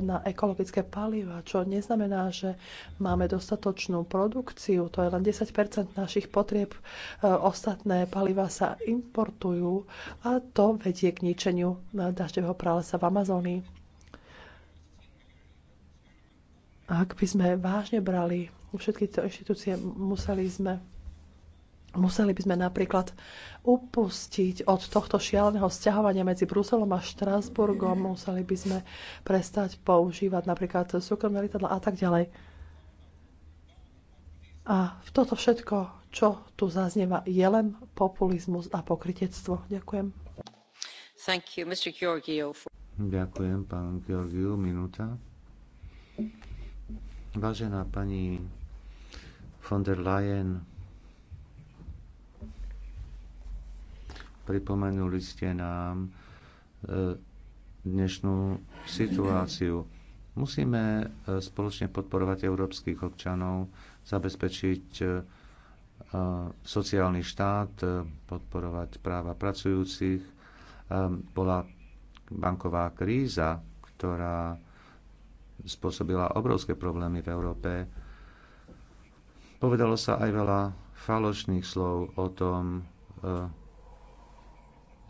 na ekologické paliva, čo neznamená, že máme dostatočnú produkciu, to je len 10 našich potrieb, e, ostatné paliva sa importujú a to vedie k ničeniu dažďového pralesa v Amazónii. Ak by sme vážne brali všetky tie inštitúcie, museli sme Museli by sme napríklad upustiť od tohto šialeného sťahovania medzi Bruselom a Štrasburgom, museli by sme prestať používať napríklad súkromné lietadla a tak ďalej. A v toto všetko, čo tu zaznieva, je len populizmus a pokritectvo. Ďakujem. Thank you, Mr. Georgio. Ďakujem, pán Georgiou. Minúta. Vážená pani von der Leyen, Pripomenuli ste nám e, dnešnú situáciu. Musíme e, spoločne podporovať európskych občanov, zabezpečiť e, sociálny štát, podporovať práva pracujúcich. Bola banková kríza, ktorá spôsobila obrovské problémy v Európe. Povedalo sa aj veľa falošných slov o tom,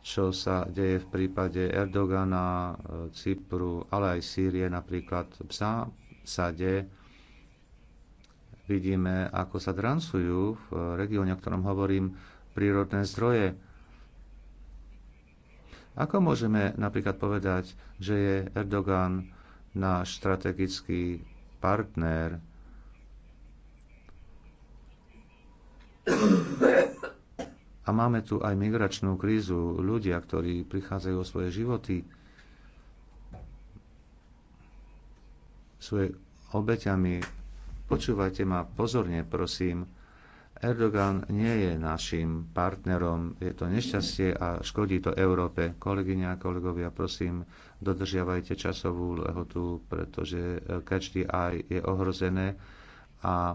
čo sa deje v prípade Erdogana, e, Cypru, ale aj Sýrie napríklad v zásade vidíme, ako sa transujú v regióne, o ktorom hovorím, prírodné zdroje. Ako môžeme napríklad povedať, že je Erdogan náš strategický partner? A máme tu aj migračnú krízu. Ľudia, ktorí prichádzajú o svoje životy, svoje obeťami. Počúvajte ma pozorne, prosím. Erdogan nie je našim partnerom, je to nešťastie a škodí to Európe. Kolegyňa a kolegovia, prosím, dodržiavajte časovú lehotu, pretože každý aj je ohrozené a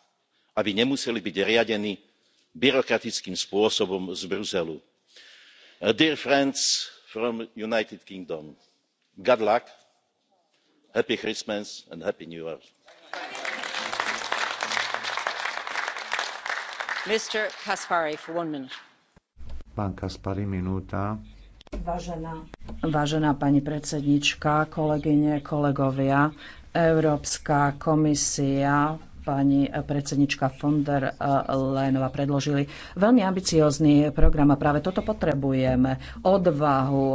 aby nemuseli byť riadení byrokratickým spôsobom z bruselu. Uh, dear friends from the united kingdom good luck happy christmas and happy new year. Pán Vážená, pani predsedníčka kolegyne, kolegovia, Európska komisia pani predsednička von der Leyenová predložili veľmi ambiciózny program a práve toto potrebujeme. Odvahu,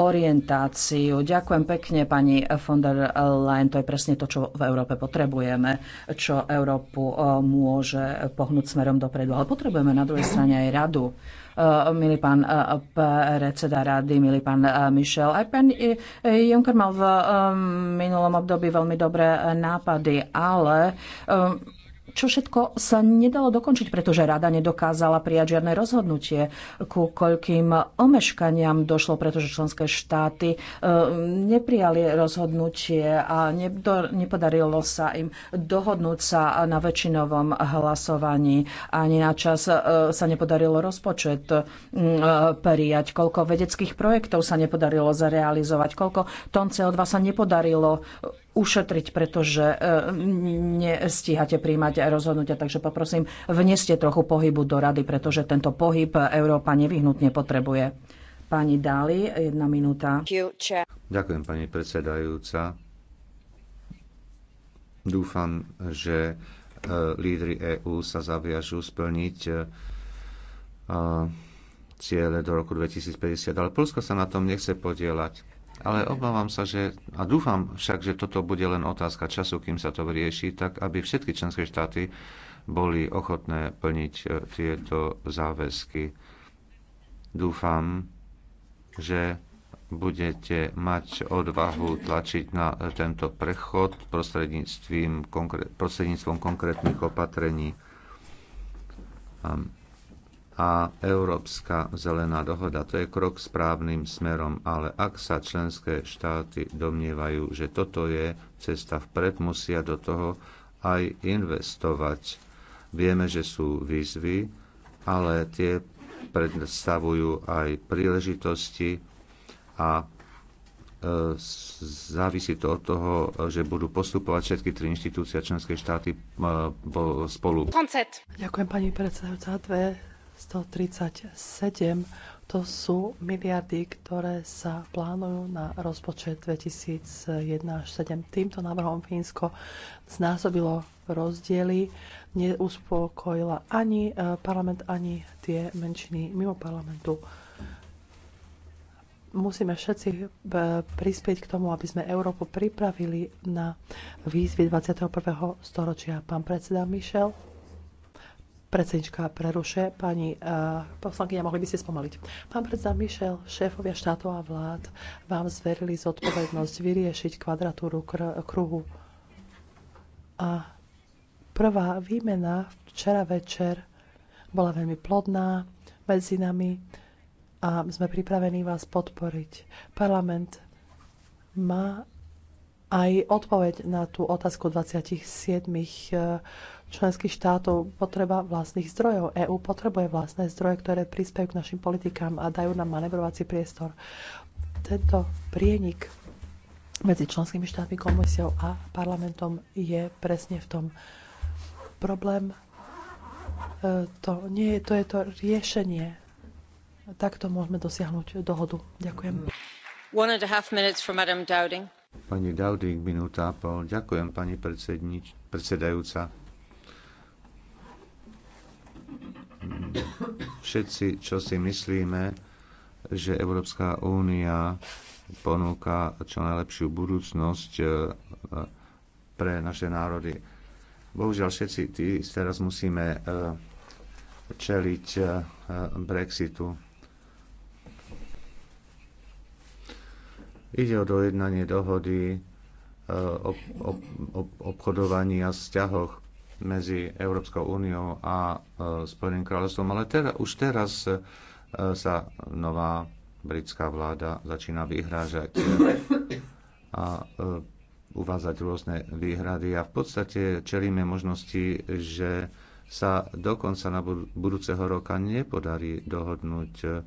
orientáciu. Ďakujem pekne, pani von der Leyen. To je presne to, čo v Európe potrebujeme, čo Európu eh, môže pohnúť smerom dopredu. Ale potrebujeme na druhej strane aj radu. Eh, milý pán eh, predseda rady, milý pán eh, Michel. Aj pán Juncker mal v minulom období veľmi dobré nápady, ale čo všetko sa nedalo dokončiť, pretože rada nedokázala prijať žiadne rozhodnutie, ku koľkým omeškaniam došlo, pretože členské štáty e, neprijali rozhodnutie a nepodarilo sa im dohodnúť sa na väčšinovom hlasovaní. Ani na čas e, sa nepodarilo rozpočet e, prijať, koľko vedeckých projektov sa nepodarilo zrealizovať, koľko tón CO2 sa nepodarilo ušetriť, pretože e, nestíhate príjmať rozhodnutia. Takže poprosím, vneste trochu pohybu do rady, pretože tento pohyb Európa nevyhnutne potrebuje. Pani Dali, jedna minúta. Ďakujem, pani predsedajúca. Dúfam, že e, lídry EÚ sa zaviažú splniť e, ciele do roku 2050, ale Polsko sa na tom nechce podielať ale obávam sa, že, a dúfam však, že toto bude len otázka času, kým sa to vyrieši, tak aby všetky členské štáty boli ochotné plniť e, tieto záväzky. Dúfam, že budete mať odvahu tlačiť na e, tento prechod prostredníctvom, prostredníctvom konkrétnych opatrení. Um, a Európska zelená dohoda. To je krok správnym smerom, ale ak sa členské štáty domnievajú, že toto je cesta vpred, musia do toho aj investovať. Vieme, že sú výzvy, ale tie predstavujú aj príležitosti a e, závisí to od toho, že budú postupovať všetky tri inštitúcie a členské štáty e, spolu. Ďakujem pani predsedajúca. Dve 137 to sú miliardy, ktoré sa plánujú na rozpočet 2001 až 2007. Týmto návrhom Fínsko znásobilo rozdiely, neuspokojila ani e, parlament, ani tie menšiny mimo parlamentu. Musíme všetci e, prispieť k tomu, aby sme Európu pripravili na výzvy 21. storočia. Pán predseda Michel. Predsednička preruše. Pani uh, poslankyňa, mohli by ste spomaliť. Pán predseda Mišel, šéfovia štátov a vlád vám zverili zodpovednosť vyriešiť kvadratúru kr- kruhu. A prvá výmena včera večer bola veľmi plodná medzi nami a sme pripravení vás podporiť. Parlament má aj odpoveď na tú otázku 27 členských štátov, potreba vlastných zdrojov. EÚ potrebuje vlastné zdroje, ktoré prispiejú k našim politikám a dajú nám manevrovací priestor. Tento prienik medzi členskými štátmi, komisiou a parlamentom je presne v tom problém. E, to, nie je, to je to riešenie. Takto môžeme dosiahnuť dohodu. Ďakujem. One and a half minutes for Madam Dowding. Pani Dowding, minúta a pol. Ďakujem, pani predsednič, predsedajúca všetci, čo si myslíme, že Európska únia ponúka čo najlepšiu budúcnosť e, pre naše národy. Bohužiaľ, všetci tí teraz musíme e, čeliť e, Brexitu. Ide o dojednanie dohody o, o, o obchodovaní a vzťahoch medzi Európskou úniou a e, Spojeným kráľovstvom, ale teraz, už teraz e, sa nová britská vláda začína vyhrážať a e, uvádzať rôzne výhrady a v podstate čelíme možnosti, že sa dokonca na budúceho roka nepodarí dohodnúť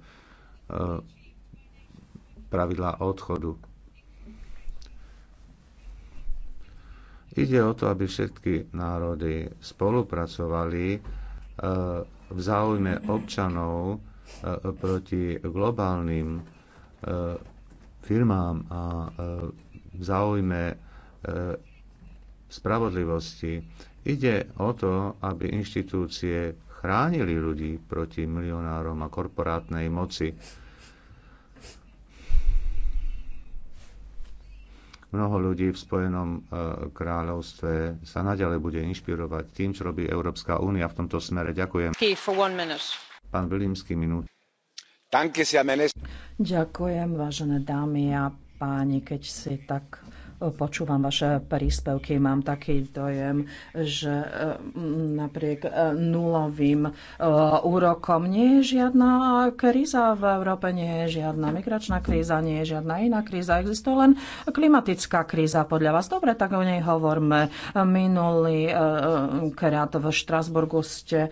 pravidlá odchodu Ide o to, aby všetky národy spolupracovali e, v záujme občanov e, proti globálnym e, firmám a v záujme spravodlivosti. Ide o to, aby inštitúcie chránili ľudí proti milionárom a korporátnej moci Mnoho ľudí v Spojenom e, kráľovstve sa naďalej bude inšpirovať tým, čo robí Európska únia v tomto smere. Ďakujem. Pán Vilímsky, minút. Ďakujem, vážené dámy a páni, keď si tak počúvam vaše príspevky, mám taký dojem, že e, napriek e, nulovým e, úrokom nie je žiadna kríza v Európe, nie je žiadna migračná kríza, nie je žiadna iná kríza. Existuje len klimatická kríza podľa vás. Dobre, tak o nej hovorme. Minulý krát v Štrasburgu ste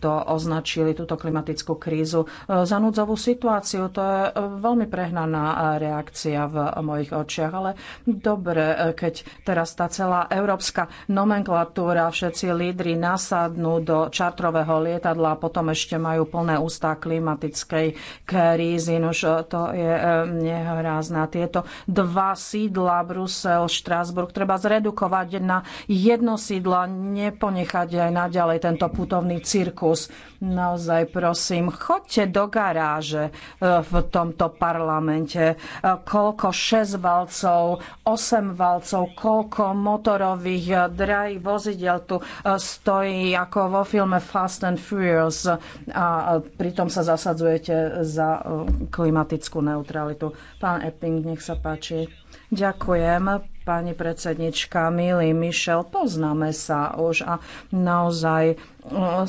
to označili, túto klimatickú krízu, za núdzovú situáciu. To je veľmi prehnaná reakcia v mojich očiach, ale dobre, e, keď teraz tá celá európska nomenklatúra, všetci lídry nasadnú do čartrového lietadla a potom ešte majú plné ústa klimatickej krízy. Nož e, to je e, nehorázna. Tieto dva sídla, Brusel, Štrásburg, treba zredukovať na jedno sídlo, neponechať aj naďalej tento putovný cirkus. Naozaj prosím, choďte do garáže v tomto parlamente. Koľko šesť valcov 8 valcov, koľko motorových eh, drahých vozidel tu eh, stojí ako vo filme Fast and Furious a pritom sa zasadzujete za eh, klimatickú neutralitu. Pán Epping, nech sa páči. Ďakujem, pani predsednička, milý Mišel, poznáme sa už a naozaj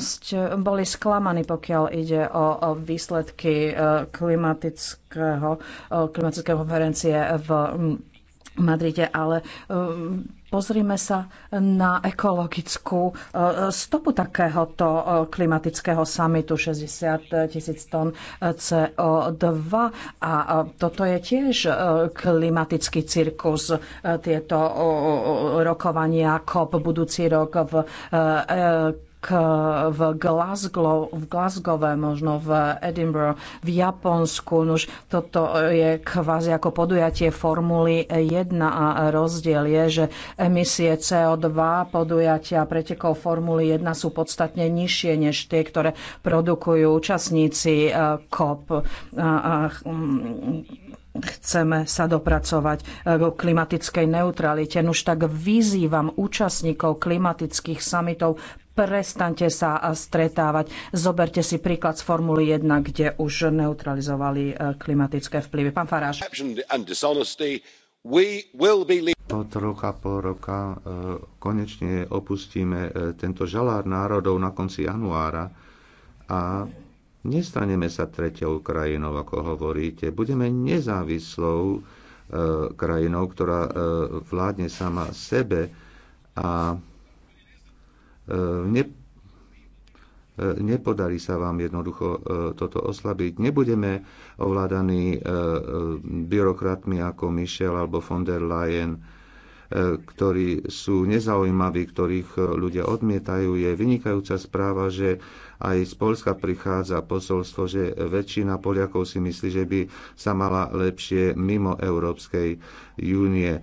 ste boli sklamaní, pokiaľ ide o, výsledky klimatického, klimatického konferencie v hm, Madride, ale e, pozrime sa na ekologickú e, stopu takéhoto e, klimatického samitu 60 tisíc tón CO2 a toto je tiež klimatický cirkus tieto rokovania COP budúci rok v k, v, Glasgow, v Glasgowe, možno v Edinburgh, v Japonsku. už toto je kvázi ako podujatie Formuly 1 a rozdiel je, že emisie CO2 podujatia pretekov Formuly 1 sú podstatne nižšie než tie, ktoré produkujú účastníci COP e, hm, chceme sa dopracovať e, k klimatickej neutralite. Už tak vyzývam účastníkov klimatických samitov, prestante sa stretávať. Zoberte si príklad z Formuly 1, kde už neutralizovali e, klimatické vplyvy. Pán Faráš. Od roka po e, roka konečne opustíme e, tento žalár národov na konci januára a nestaneme sa tretiou krajinou, ako hovoríte. Budeme nezávislou krajinou, ktorá vládne sama sebe a E, ne, e, nepodarí sa vám jednoducho e, toto oslabiť. Nebudeme ovládaní byrokratmi ako Michel alebo von der Leyen ktorí sú nezaujímaví, ktorých e, ľudia odmietajú. Je vynikajúca správa, že aj z Polska prichádza posolstvo, že väčšina Poliakov si myslí, že by sa mala lepšie mimo Európskej únie.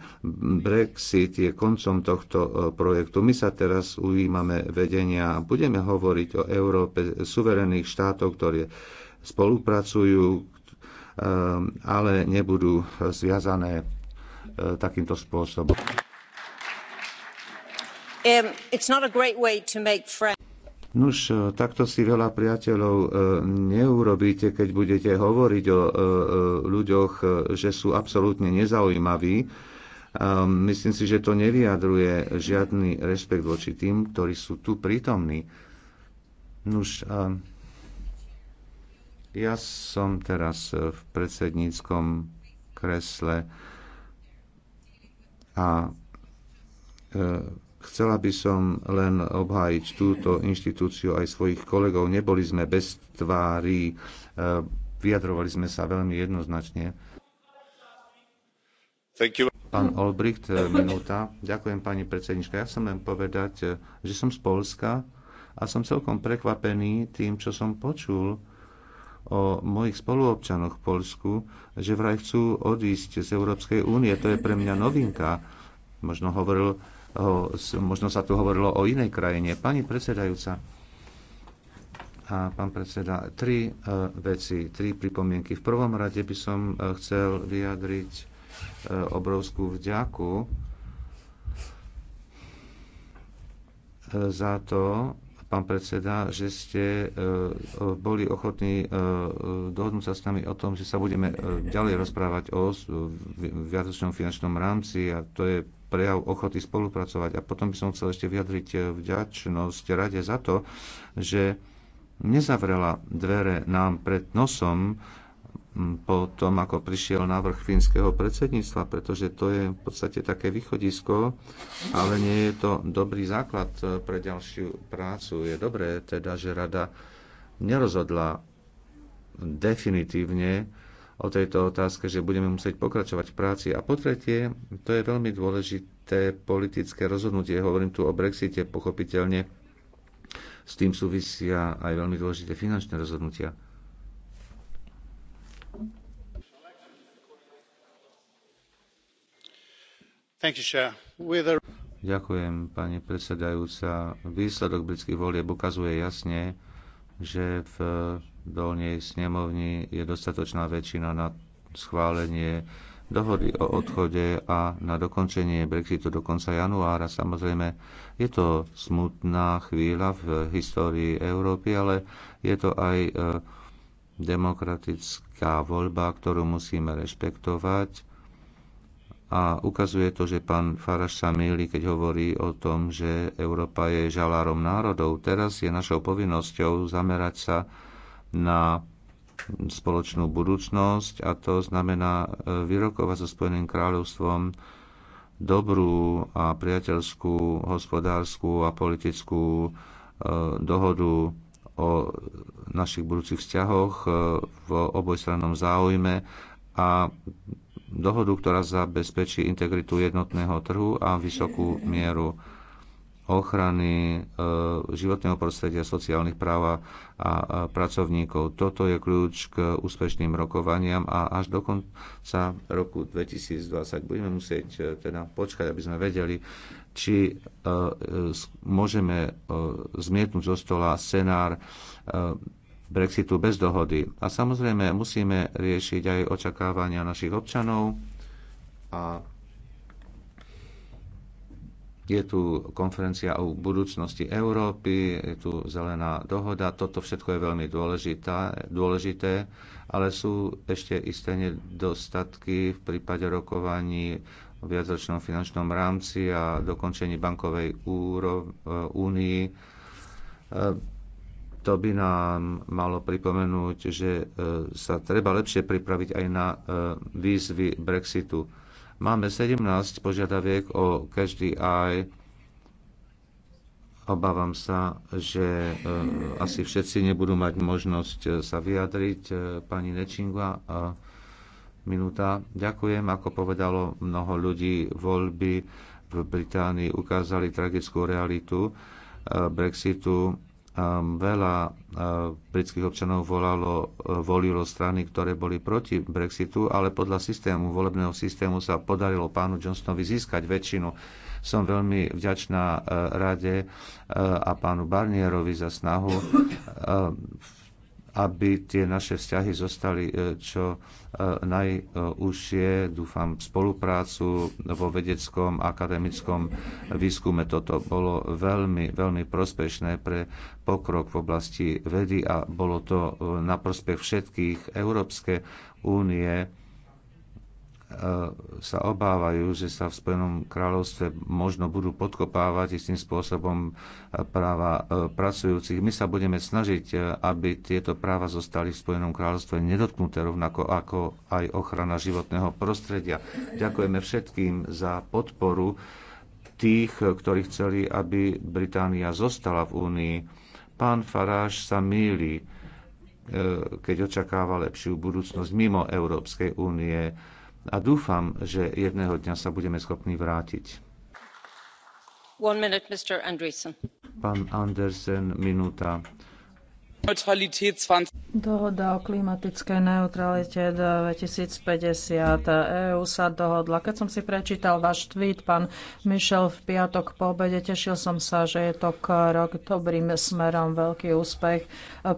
Brexit je koncom tohto e, projektu. My sa teraz ujímame vedenia. Budeme hovoriť o Európe suverených štátov, ktoré spolupracujú, e, ale nebudú zviazané E, takýmto spôsobom. Um, Nuž, e, takto si veľa priateľov e, neurobíte, keď budete hovoriť o ľuďoch, že sú absolútne nezaujímaví. Myslím si, že to nevyjadruje žiadny rešpekt voči tým, ktorí sú tu prítomní. Nuž, ja som teraz v predsedníckom kresle a e, chcela by som len obhájiť túto inštitúciu aj svojich kolegov. Neboli sme bez tvári, e, vyjadrovali sme sa veľmi jednoznačne. Pán Olbricht, e, minúta. Ďakujem, pani predsednička. Ja chcem len povedať, že som z Polska a som celkom prekvapený tým, čo som počul o mojich spoluobčanoch v Polsku, že vraj chcú odísť z Európskej únie. To je pre mňa novinka. Možno, hovoril, možno sa tu hovorilo o inej krajine. Pani predsedajúca a pán predseda, tri e, veci, tri pripomienky. V prvom rade by som e, chcel vyjadriť e, obrovskú vďaku za to, pán predseda, že ste e, e, boli ochotní e, dohodnúť sa s nami o tom, že sa budeme ďalej rozprávať o viacročnom finančnom rámci a to je prejav ochoty spolupracovať. A potom by som chcel ešte vyjadriť vďačnosť rade za to, že nezavrela dvere nám pred nosom po tom, ako prišiel návrh fínskeho predsedníctva, pretože to je v podstate také východisko, ale nie je to dobrý základ e, pre ďalšiu prácu. Je dobré teda, že rada nerozhodla definitívne o tejto otázke, že budeme musieť pokračovať v práci. A po tretie, to je veľmi dôležité politické rozhodnutie. Hovorím tu o Brexite, pochopiteľne. S tým súvisia aj veľmi dôležité finančné rozhodnutia. Ďakujem, pani predsedajúca. Výsledok britských volieb ukazuje jasne, že v dolnej snemovni je dostatočná väčšina na schválenie dohody o odchode a na dokončenie Brexitu do konca januára. Samozrejme, je to smutná chvíľa v histórii Európy, ale je to aj eh, demokratická voľba, ktorú musíme rešpektovať a ukazuje to, že pán Faraš sa mýli, keď hovorí o tom, že Európa je žalárom národov. Teraz je našou povinnosťou zamerať sa na spoločnú budúcnosť a to znamená e, vyrokovať so Spojeným kráľovstvom dobrú a priateľskú hospodárskú a politickú e, dohodu o našich budúcich vzťahoch e, v obojstrannom záujme a dohodu, ktorá zabezpečí integritu jednotného trhu a vysokú mieru ochrany e, životného prostredia, sociálnych práv a pracovníkov. Toto je kľúč k úspešným rokovaniam a až do konca roku 2020 budeme musieť e, teda počkať, aby sme vedeli, či e, môžeme zmietnúť zo stola scenár Brexitu bez dohody. A samozrejme musíme riešiť aj očakávania našich občanov a je tu konferencia o budúcnosti Európy, je tu zelená dohoda, toto všetko je veľmi dôležitá, dôležité, ale sú ešte isté nedostatky v prípade rokovaní o viacročnom finančnom rámci a dokončení bankovej e, únii e, to by nám malo pripomenúť, že e, sa treba lepšie pripraviť aj na e, výzvy Brexitu. Máme 17 požiadaviek o každý aj. Obávam sa, že e, asi všetci nebudú mať možnosť sa vyjadriť. Pani Nečingua, minúta. Ďakujem, ako povedalo mnoho ľudí, voľby v Británii ukázali tragickú realitu Brexitu veľa britských občanov volalo, e, volilo strany, ktoré boli proti Brexitu, ale podľa systému, volebného systému sa podarilo pánu Johnsonovi získať väčšinu. Som veľmi vďačná e, rade e, a pánu Barnierovi za snahu v aby tie naše vzťahy zostali e, čo e, najúžšie. Dúfam spoluprácu vo vedeckom, akademickom výskume. Toto bolo veľmi, veľmi prospešné pre pokrok v oblasti vedy a bolo to e, na prospech všetkých Európske únie E, sa obávajú, že sa v Spojenom kráľovstve možno budú podkopávať istým spôsobom práva e, pracujúcich. My sa budeme snažiť, e, aby tieto práva zostali v Spojenom kráľovstve nedotknuté rovnako ako aj ochrana životného prostredia. Ďakujeme všetkým za podporu tých, ktorí chceli, aby Británia zostala v Únii. Pán Faráš sa míli, keď očakáva lepšiu budúcnosť mimo Európskej únie a dúfam, že jedného dňa sa budeme schopní vrátiť. One minute, Mr. Anderson. Pán Andersen, minúta. Dohoda o klimatickej neutralite 2050 EU sa dohodla. Keď som si prečítal váš tweet, pán Michel, v piatok po obede, tešil som sa, že je to krok dobrým smerom, veľký úspech e,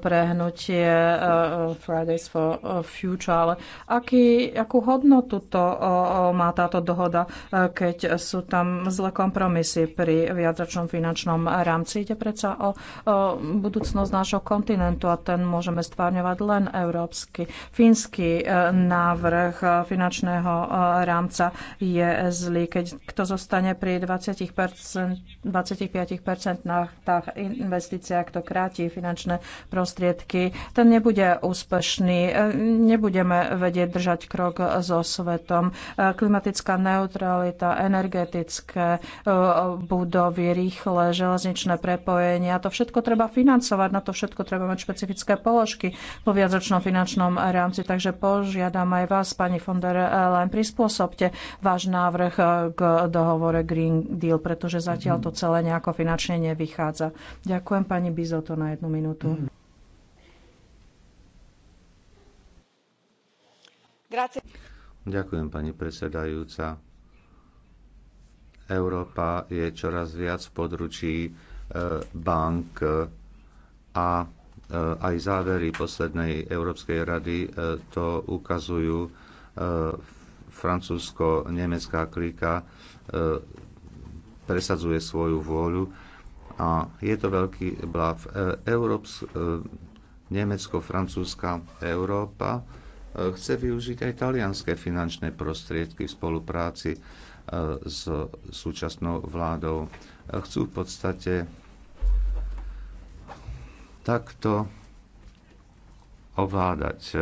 pre hnutie e, e, Fridays for Future. Ale aký, akú hodnotu to má táto dohoda, keď sú tam zlé kompromisy pri viacročnom finančnom rámci? Ide predsa o budúcnosť nášho kontinentu kontinentu a ten môžeme stvárňovať len európsky. Fínsky e, návrh e, finančného e, rámca je zlý. Keď kto zostane pri 20%, 25% na investíciách, kto kráti finančné prostriedky, ten nebude úspešný. Nebudeme vedieť držať krok so svetom. Klimatická neutralita, energetické budovy, rýchle železničné prepojenia, to všetko treba financovať, na to všetko treba budeme mať špecifické položky vo viacročnom finančnom rámci. Takže požiadam aj vás, pani von der Leyen, prispôsobte váš návrh eh, k dohovore Green Deal, pretože zatiaľ to celé nejako finančne nevychádza. Ďakujem pani Bizoto na jednu minútu. Ďakujem, pani predsedajúca. Európa je čoraz viac v područí eh, bank eh, a E, aj závery poslednej Európskej rady e, to ukazujú. E, Francúzsko-nemecká klika presadzuje svoju vôľu a je to veľký blav. Európs, Nemecko-francúzska Európa chce využiť aj talianské finančné prostriedky v spolupráci s súčasnou vládou. Chcú v podstate takto ovládať e,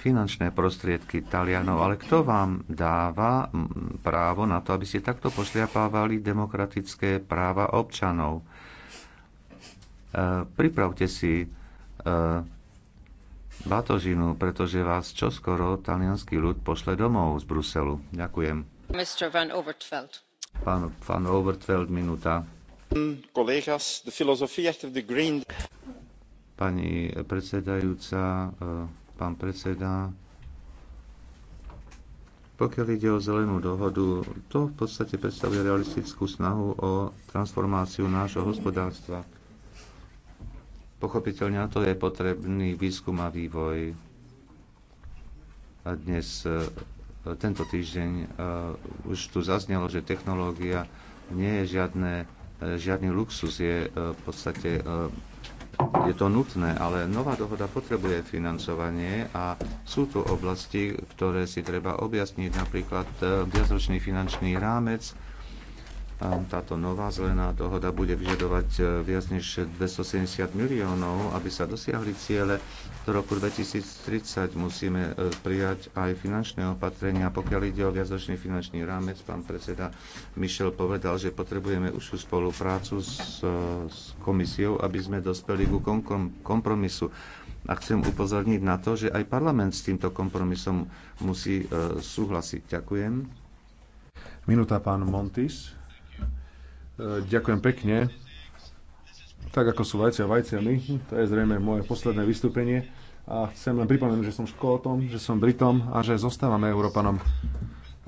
finančné prostriedky Talianov. Ale kto vám dáva právo na to, aby ste takto pošliapávali demokratické práva občanov? E, pripravte si e, batožinu, pretože vás čoskoro talianský ľud pošle domov z Bruselu. Ďakujem. Pán, pán Overtveld, minúta. Pani predsedajúca, e, pán predseda, pokiaľ ide o zelenú dohodu, to v podstate predstavuje realistickú snahu o transformáciu nášho hospodárstva. Pochopiteľne na to je potrebný výskum a vývoj. A dnes, e, tento týždeň, e, už tu zaznelo, že technológia nie je žiadne E, žiadny luxus, je e, v podstate e, je to nutné, ale nová dohoda potrebuje financovanie a sú tu oblasti, ktoré si treba objasniť, napríklad viacročný finančný rámec, táto nová zelená dohoda bude vyžadovať e, viac než 270 miliónov, aby sa dosiahli ciele. Do roku 2030 musíme e, prijať aj finančné opatrenia. Pokiaľ ide o viacročný finančný rámec, pán predseda Michel povedal, že potrebujeme užšiu spoluprácu s, e, s komisiou, aby sme dospeli ku kompromisu. A chcem upozorniť na to, že aj parlament s týmto kompromisom musí súhlasiť. Ďakujem. Minúta pán Montis. Ďakujem pekne. Tak ako sú vajcia vajciami, to je zrejme moje posledné vystúpenie. A chcem len pripomenúť, že som škótom, že som Britom a že zostávame Európanom.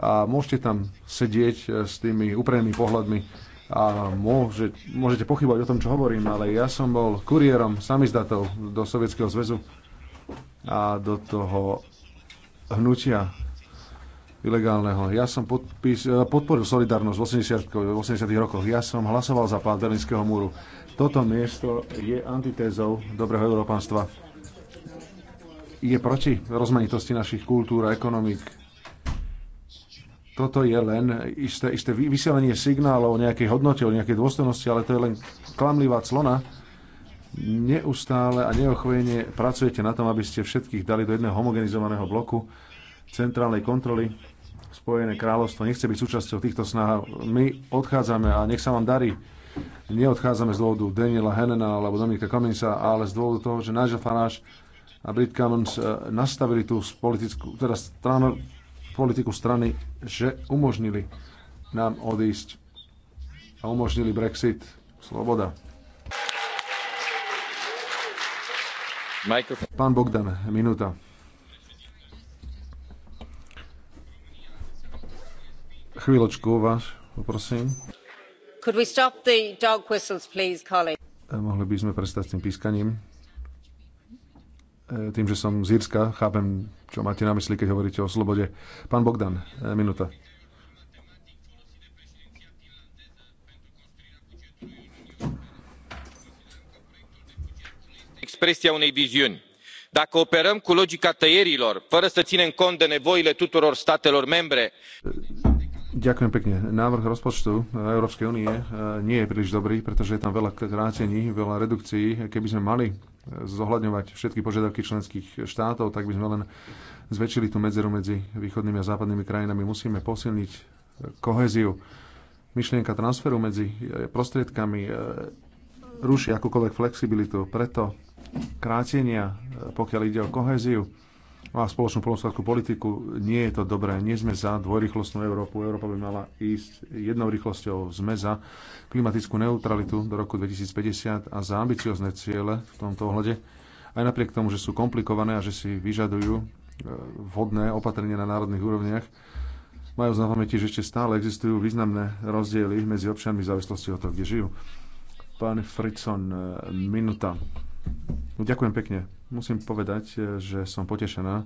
A môžete tam sedieť eh, s tými úprimnými pohľadmi a môže, môžete pochybovať o tom, čo hovorím, ale ja som bol kuriérom samizdatov do Sovietskeho zväzu a do toho hnutia ilegálneho. Ja som podpís, eh, podporil Solidarnosť v 80, 80 rokoch. Ja som hlasoval za plán Berlínskeho múru. Toto miesto je antitézou dobrého európanstva. Je proti rozmanitosti našich kultúr a ekonomik. Toto je len isté, isté vysielanie signálov o nejakej hodnote, o nejakej dôstojnosti, ale to je len klamlivá clona. Neustále a neochvejne pracujete na tom, aby ste všetkých dali do jedného homogenizovaného bloku centrálnej kontroly Spojené kráľovstvo nechce byť súčasťou týchto snah. My odchádzame a nech sa vám darí. Neodchádzame z dôvodu Daniela Henena alebo Dominika Cummingsa, ale z dôvodu toho, že Nigel Farage a Brit Cummins eh, nastavili tú politickú, teda stranu, politiku strany, že umožnili nám odísť a umožnili Brexit. Sloboda. Michael. Pán Bogdan, minúta. Chvíľočku vás poprosím. Could we stop the dog whistles, please, colleague? E, mohli by sme prestať s tým pískaním. E, tým, že som z Írska, chápem, čo máte na mysli, keď hovoríte o slobode. Pán Bogdan, e, minúta. expresia unei viziuni dacă operăm cu logica tăierilor fără să ținem cont de nevoile tuturor statelor membre Ďakujem pekne. Návrh rozpočtu Európskej únie e, nie je príliš dobrý, pretože je tam veľa krátení, veľa redukcií. Keby sme mali zohľadňovať všetky požiadavky členských štátov, tak by sme len zväčšili tú medzeru medzi východnými a západnými krajinami. Musíme posilniť koheziu. Myšlienka transferu medzi e, prostriedkami e, ruší akúkoľvek flexibilitu. Preto krátenia, pokiaľ ide o koheziu, a spoločnú polnospodárskú politiku. Nie je to dobré, nie sme za dvojrychlostnú Európu. Európa by mala ísť jednou rýchlosťou. Sme za klimatickú neutralitu do roku 2050 a za ambiciozne ciele v tomto ohľade. Aj napriek tomu, že sú komplikované a že si vyžadujú e, vhodné opatrenia na národných úrovniach, majú na pamäti, že ešte stále existujú významné rozdiely medzi občanmi v závislosti od toho, kde žijú. Pán Fritson, e, minúta. No, ďakujem pekne. Musím povedať, e, že som potešená,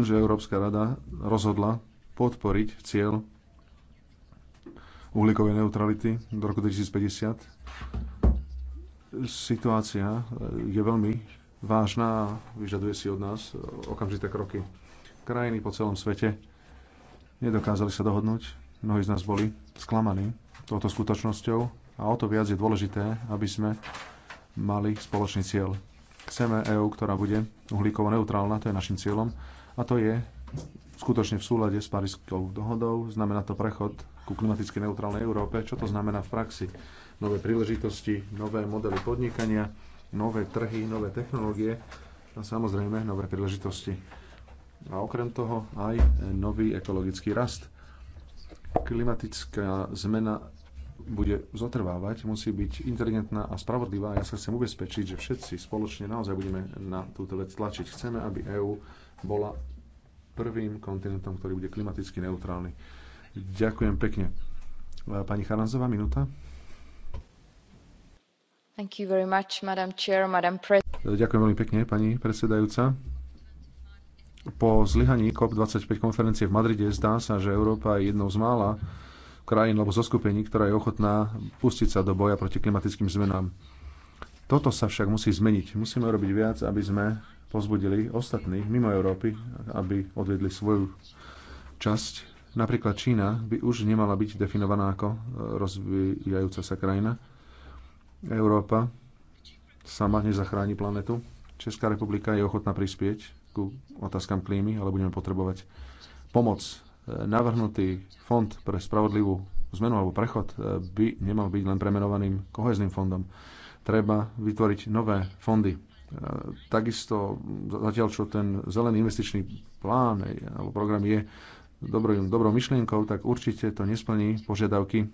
že Európska rada rozhodla podporiť cieľ uhlíkovej neutrality do roku 2050. Situácia e, je veľmi vážna a vyžaduje si od nás e, okamžité kroky. Krajiny po celom svete nedokázali sa dohodnúť. Mnohí z nás boli sklamaní touto skutočnosťou a o to viac je dôležité, aby sme mali spoločný cieľ. Chceme EÚ, ktorá bude uhlíkovo neutrálna, to je našim cieľom, a to je skutočne v súlade s Parískou dohodou. Znamená to prechod ku klimaticky neutrálnej Európe. Čo to znamená v praxi? Nové príležitosti, nové modely podnikania, nové trhy, nové technológie a samozrejme nové príležitosti. A okrem toho aj nový ekologický rast. Klimatická zmena bude zotrvávať, musí byť inteligentná a spravodlivá. Ja sa chcem ubezpečiť, že všetci spoločne naozaj budeme na túto vec tlačiť. Chceme, aby EÚ bola prvým kontinentom, ktorý bude klimaticky neutrálny. Ďakujem pekne. E, pani Charanzová, minúta. Much, Madam Chair, Madam e, Ďakujem veľmi pekne, pani predsedajúca. Po zlyhaní COP25 konferencie v Madride zdá sa, že Európa je jednou z mála krajín alebo zo skupení, ktorá je ochotná pustiť sa do boja proti klimatickým zmenám. Toto sa však musí zmeniť. Musíme robiť viac, aby sme pozbudili ostatných mimo Európy, aby odvedli svoju časť. Napríklad Čína by už nemala byť definovaná ako rozvíjajúca sa krajina. Európa sama nezachráni planetu. Česká republika je ochotná prispieť ku otázkam klímy, ale budeme potrebovať pomoc navrhnutý fond pre spravodlivú zmenu alebo prechod e, by nemal byť len premenovaným kohezným fondom. Treba vytvoriť nové fondy. E, takisto zatiaľ, čo ten zelený investičný plán e, alebo program je dobrou, dobrou myšlienkou, tak určite to nesplní požiadavky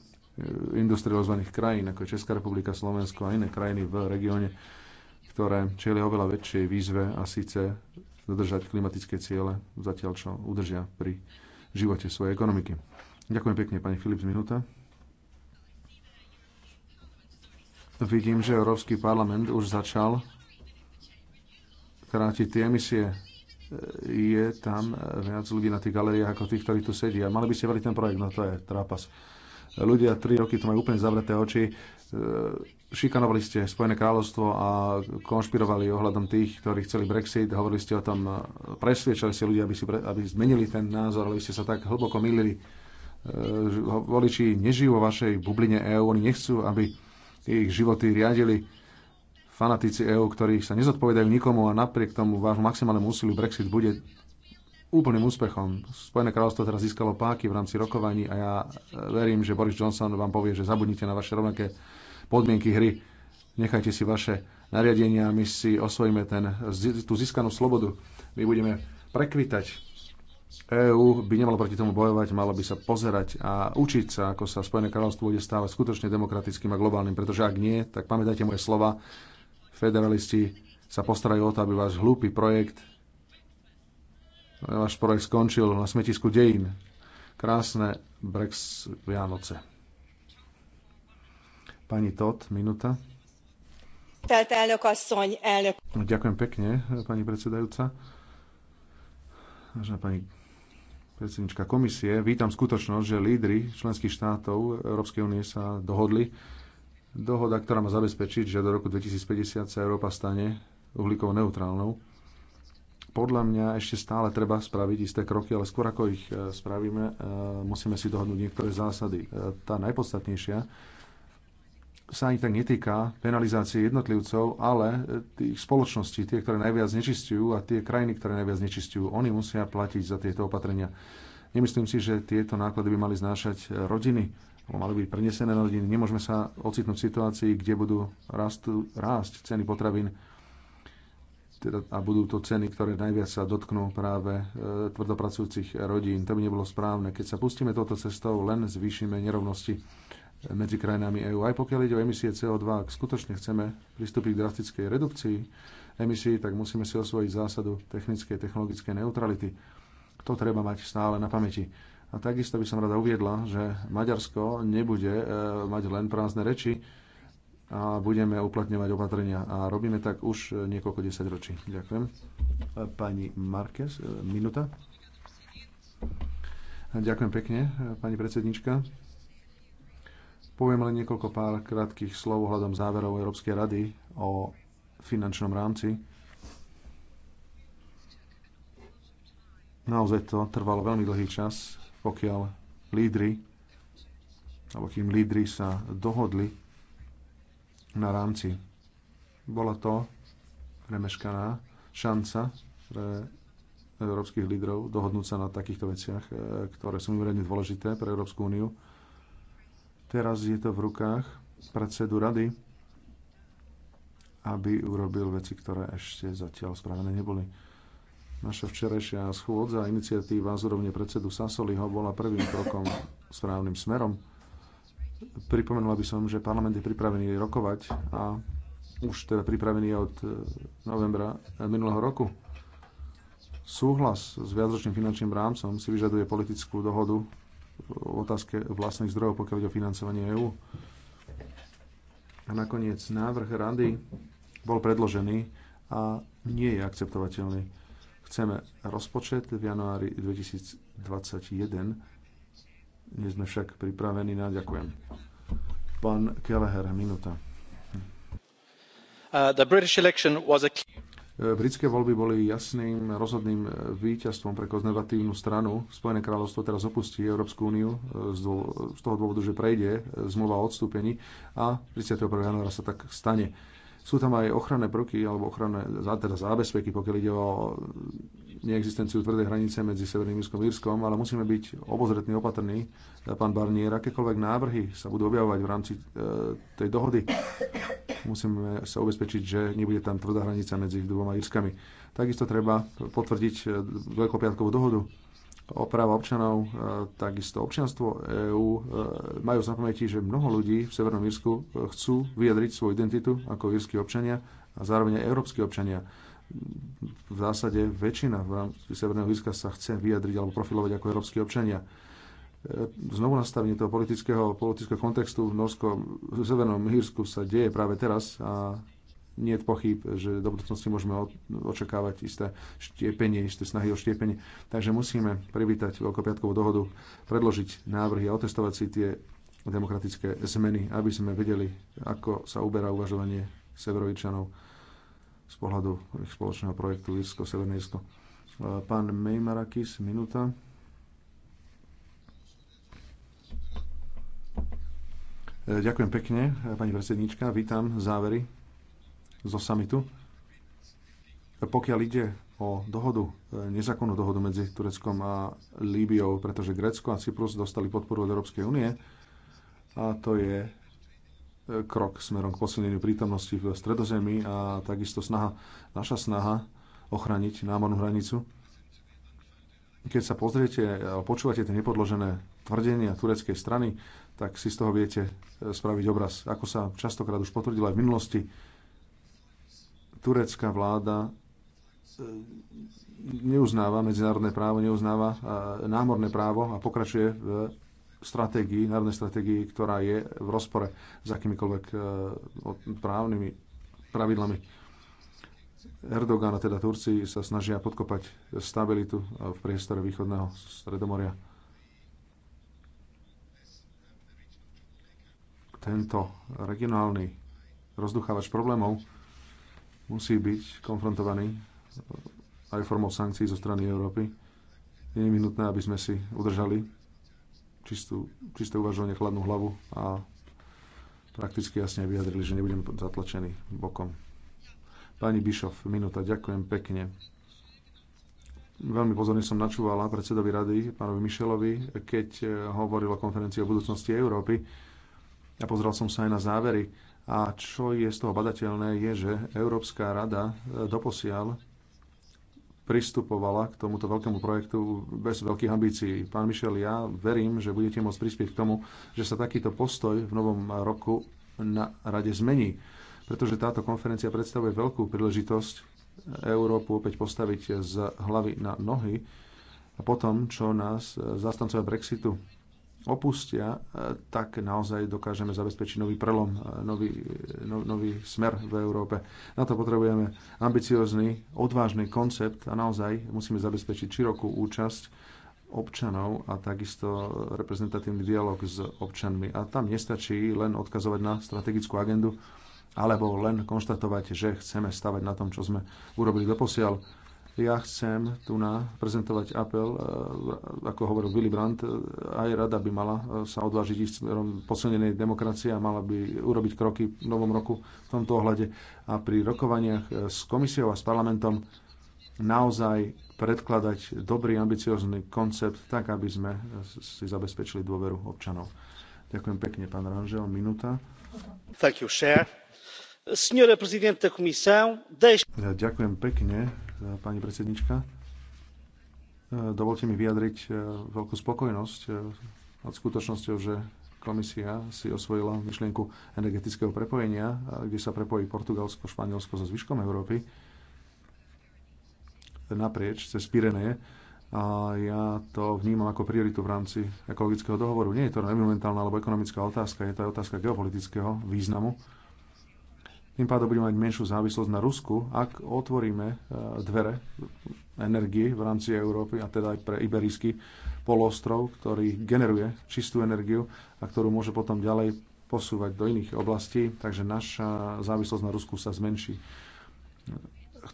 industrializovaných krajín, ako je Česká republika, Slovensko a iné krajiny v regióne, ktoré čeli oveľa väčšej výzve a síce dodržať klimatické ciele, zatiaľ čo udržia pri živote svojej ekonomiky. Ďakujem pekne, pani z minúta. Vidím, že Európsky parlament už začal krátiť tie emisie je tam viac ľudí na tých galeriách ako tých, ktorí tu sedia. Mali by ste veriť ten projekt, no to je trápas. Ľudia tri roky to majú úplne zavreté oči šikanovali ste Spojené kráľovstvo a konšpirovali ohľadom tých, ktorí chceli Brexit, hovorili ste o tom, presviečali ste ľudia, aby, si, aby zmenili ten názor, ale ste sa tak hlboko milili. E, voliči nežijú vo vašej bubline EÚ, oni nechcú, aby ich životy riadili fanatici EÚ, ktorí sa nezodpovedajú nikomu a napriek tomu vášmu maximálnemu úsiliu Brexit bude úplným úspechom. Spojené kráľovstvo teraz získalo páky v rámci rokovaní a ja verím, že Boris Johnson vám povie, že zabudnite na vaše rovnaké podmienky hry. Nechajte si vaše nariadenia, my si osvojíme ten, tú získanú slobodu. My budeme prekvitať. EÚ by nemalo proti tomu bojovať, malo by sa pozerať a učiť sa, ako sa Spojené kráľovstvo bude stávať skutočne demokratickým a globálnym, pretože ak nie, tak pamätajte moje slova, federalisti sa postarajú o to, aby váš hlúpy projekt, váš projekt skončil na smetisku dejín. Krásne Brex Vianoce. Pani Todd, minúta. No, ďakujem pekne, pani predsedajúca. Vážená pani predsednička komisie, vítam skutočnosť, že lídry členských štátov Európskej únie sa dohodli. Dohoda, ktorá má zabezpečiť, že do roku 2050 sa Európa stane uhlíkovo neutrálnou. Podľa mňa ešte stále treba spraviť isté kroky, ale skôr ako ich e, spravíme, e, musíme si dohodnúť niektoré zásady. E, tá najpodstatnejšia sa ani tak netýka penalizácie jednotlivcov, ale e, tých spoločností, tie, ktoré najviac nečistujú a tie krajiny, ktoré najviac nečistujú, oni musia platiť za tieto opatrenia. Nemyslím si, že tieto náklady by mali znášať e, rodiny, mali byť prenesené na rodiny. Nemôžeme sa ocitnúť v situácii, kde budú rastú, rásť ceny potravín teda, a budú to ceny, ktoré najviac sa dotknú práve e, tvrdopracujúcich rodín. To by nebolo správne. Keď sa pustíme touto cestou, len zvýšime nerovnosti medzi krajinami EÚ. Aj pokiaľ ide o emisie CO2, ak skutočne chceme pristúpiť k drastickej redukcii emisí, tak musíme si osvojiť zásadu technickej technologickej neutrality. To treba mať stále na pamäti. A takisto by som rada uviedla, že Maďarsko nebude e, mať len prázdne reči a budeme uplatňovať opatrenia. A robíme tak už e, niekoľko desaťročí. Ďakujem. E, pani Marquez, minúta. Ďakujem pekne, pani predsednička. Poviem len niekoľko pár krátkých slov ohľadom záverov Európskej rady o finančnom rámci. Naozaj to trvalo veľmi dlhý čas, pokiaľ lídry, alebo kým lídry sa dohodli na rámci. Bola to premeškaná šanca pre európskych lídrov dohodnúť sa na takýchto veciach, e, ktoré sú mimoriadne dôležité pre Európsku úniu Teraz je to v rukách predsedu rady, aby urobil veci, ktoré ešte zatiaľ spravené neboli. Naša včerajšia schôdza a iniciatíva z úrovne predsedu Sasoliho bola prvým krokom správnym smerom. Pripomenula by som, že parlament je pripravený rokovať a už teda pripravený od eh, novembra minulého roku. Súhlas s viacročným finančným rámcom si vyžaduje politickú dohodu v otázke vlastných zdrojov, pokiaľ ide o financovanie EÚ. A nakoniec návrh rady bol predložený a nie je akceptovateľný. Chceme rozpočet v januári 2021. Nie sme však pripravení na ďakujem. Pán Kelleher, minúta. Uh, the British election was a E, britské voľby boli jasným rozhodným e, víťazstvom pre konzervatívnu stranu. Spojené kráľovstvo teraz opustí Európsku úniu e, z toho dôvodu, že prejde zmluva o odstúpení a 31. januára sa tak stane. Sú tam aj ochranné prvky alebo ochranné teda zábezpeky, pokiaľ ide o neexistenciu tvrdej hranice medzi Severným Írskom a Írskom, ale musíme byť obozretní, opatrní. Pán Barnier, akékoľvek návrhy sa budú objavovať v rámci tej dohody, Musíme sa ubezpečiť, že nebude tam tvrdá hranica medzi dvoma Írskami. Takisto treba potvrdiť eh, Veľkopiatkovú dohodu o práva občanov, eh, takisto občianstvo EÚ. Eh, majú sa pamäti, že mnoho ľudí v Severnom Írsku chcú vyjadriť svoju identitu ako írsky občania a zároveň aj európsky občania v zásade väčšina v rámci Severného Írska sa chce vyjadriť alebo profilovať ako európsky občania znovu nastavenie toho politického, politického kontextu v Norskom, v Severnom Hírsku sa deje práve teraz a nie je pochyb, že do budúcnosti môžeme očakávať isté štiepenie, isté snahy o štiepenie. Takže musíme privítať Veľkopiatkovú dohodu, predložiť návrhy a otestovať si tie demokratické zmeny, aby sme vedeli, ako sa uberá uvažovanie severovičanov z pohľadu ich spoločného projektu irsko severné Irsko. Pán Mejmarakis, minúta. E, ďakujem pekne, pani predsednička. Vítam závery zo samitu. Pokiaľ ide o dohodu, e, nezákonnú dohodu medzi Tureckom a Líbiou, pretože Grécko a Cyprus dostali podporu od Európskej únie a to je e, krok smerom k posilneniu prítomnosti v Stredozemí a takisto snaha, naša snaha ochraniť námornú hranicu. Keď sa pozriete a počúvate tie nepodložené tvrdenia tureckej strany, tak si z toho viete eh, spraviť obraz. Ako sa častokrát už potvrdilo aj v minulosti, turecká vláda eh, neuznáva medzinárodné právo, neuznáva eh, námorné právo a pokračuje v stratégii, národnej stratégii, ktorá je v rozpore s akýmikoľvek právnymi pravidlami. Erdogan a teda Turci sa snažia podkopať stabilitu v priestore východného Stredomoria. tento regionálny rozduchávač problémov musí byť konfrontovaný aj formou sankcií zo strany Európy. Je nevyhnutné, aby sme si udržali čistú, čisté uvažovanie, chladnú hlavu a prakticky jasne vyjadrili, že nebudeme zatlačení bokom. Pani Bišov, minúta, ďakujem pekne. Veľmi pozorne som načúvala predsedovi rady, pánovi Mišelovi, keď hovoril o konferencii o budúcnosti Európy a pozrel som sa aj na závery. A čo je z toho badateľné, je, že Európska rada e, doposiaľ pristupovala k tomuto veľkému projektu bez veľkých ambícií. Pán Mišel, ja verím, že budete môcť prispieť k tomu, že sa takýto postoj v novom roku na rade zmení, pretože táto konferencia predstavuje veľkú príležitosť Európu opäť postaviť z hlavy na nohy a potom, čo nás e, zastancovia Brexitu opustia, e, tak naozaj dokážeme zabezpečiť nový prelom, e, nový, e, no, nový smer v Európe. Na to potrebujeme ambiciózny, odvážny koncept a naozaj musíme zabezpečiť širokú účasť občanov a takisto reprezentatívny dialog s občanmi. A tam nestačí len odkazovať na strategickú agendu, alebo len konštatovať, že chceme stavať na tom, čo sme urobili doposiaľ. Ja chcem tu na prezentovať apel, e, ako hovoril Willy Brandt, e, aj rada by mala e, sa odvážiť ísť smerom posilnenej demokracie a mala by urobiť kroky v novom roku v tomto ohľade. A pri rokovaniach s komisiou a s parlamentom naozaj predkladať dobrý, ambiciózny koncept, tak aby sme si zabezpečili dôveru občanov. Ďakujem pekne, pán Ranžel. Minúta. Thank you, share. Ďakujem pekne, eh, pani predsednička. Eh, dovolte mi vyjadriť eh, veľkú spokojnosť nad skutočnosťou, že komisia si osvojila myšlienku energetického prepojenia, kde sa prepojí Portugalsko, Španielsko so zvyškom Európy naprieč, cez Pireneje. A ja to vnímam ako prioritu v rámci ekologického dohovoru. Nie je to environmentálna alebo ekonomická otázka, je to aj otázka geopolitického významu tým pádom budeme mať menšiu závislosť na Rusku, ak otvoríme e, dvere energii v rámci Európy a teda aj pre Iberijský polostrov, ktorý generuje čistú energiu a ktorú môže potom ďalej posúvať do iných oblastí, takže naša závislosť na Rusku sa zmenší.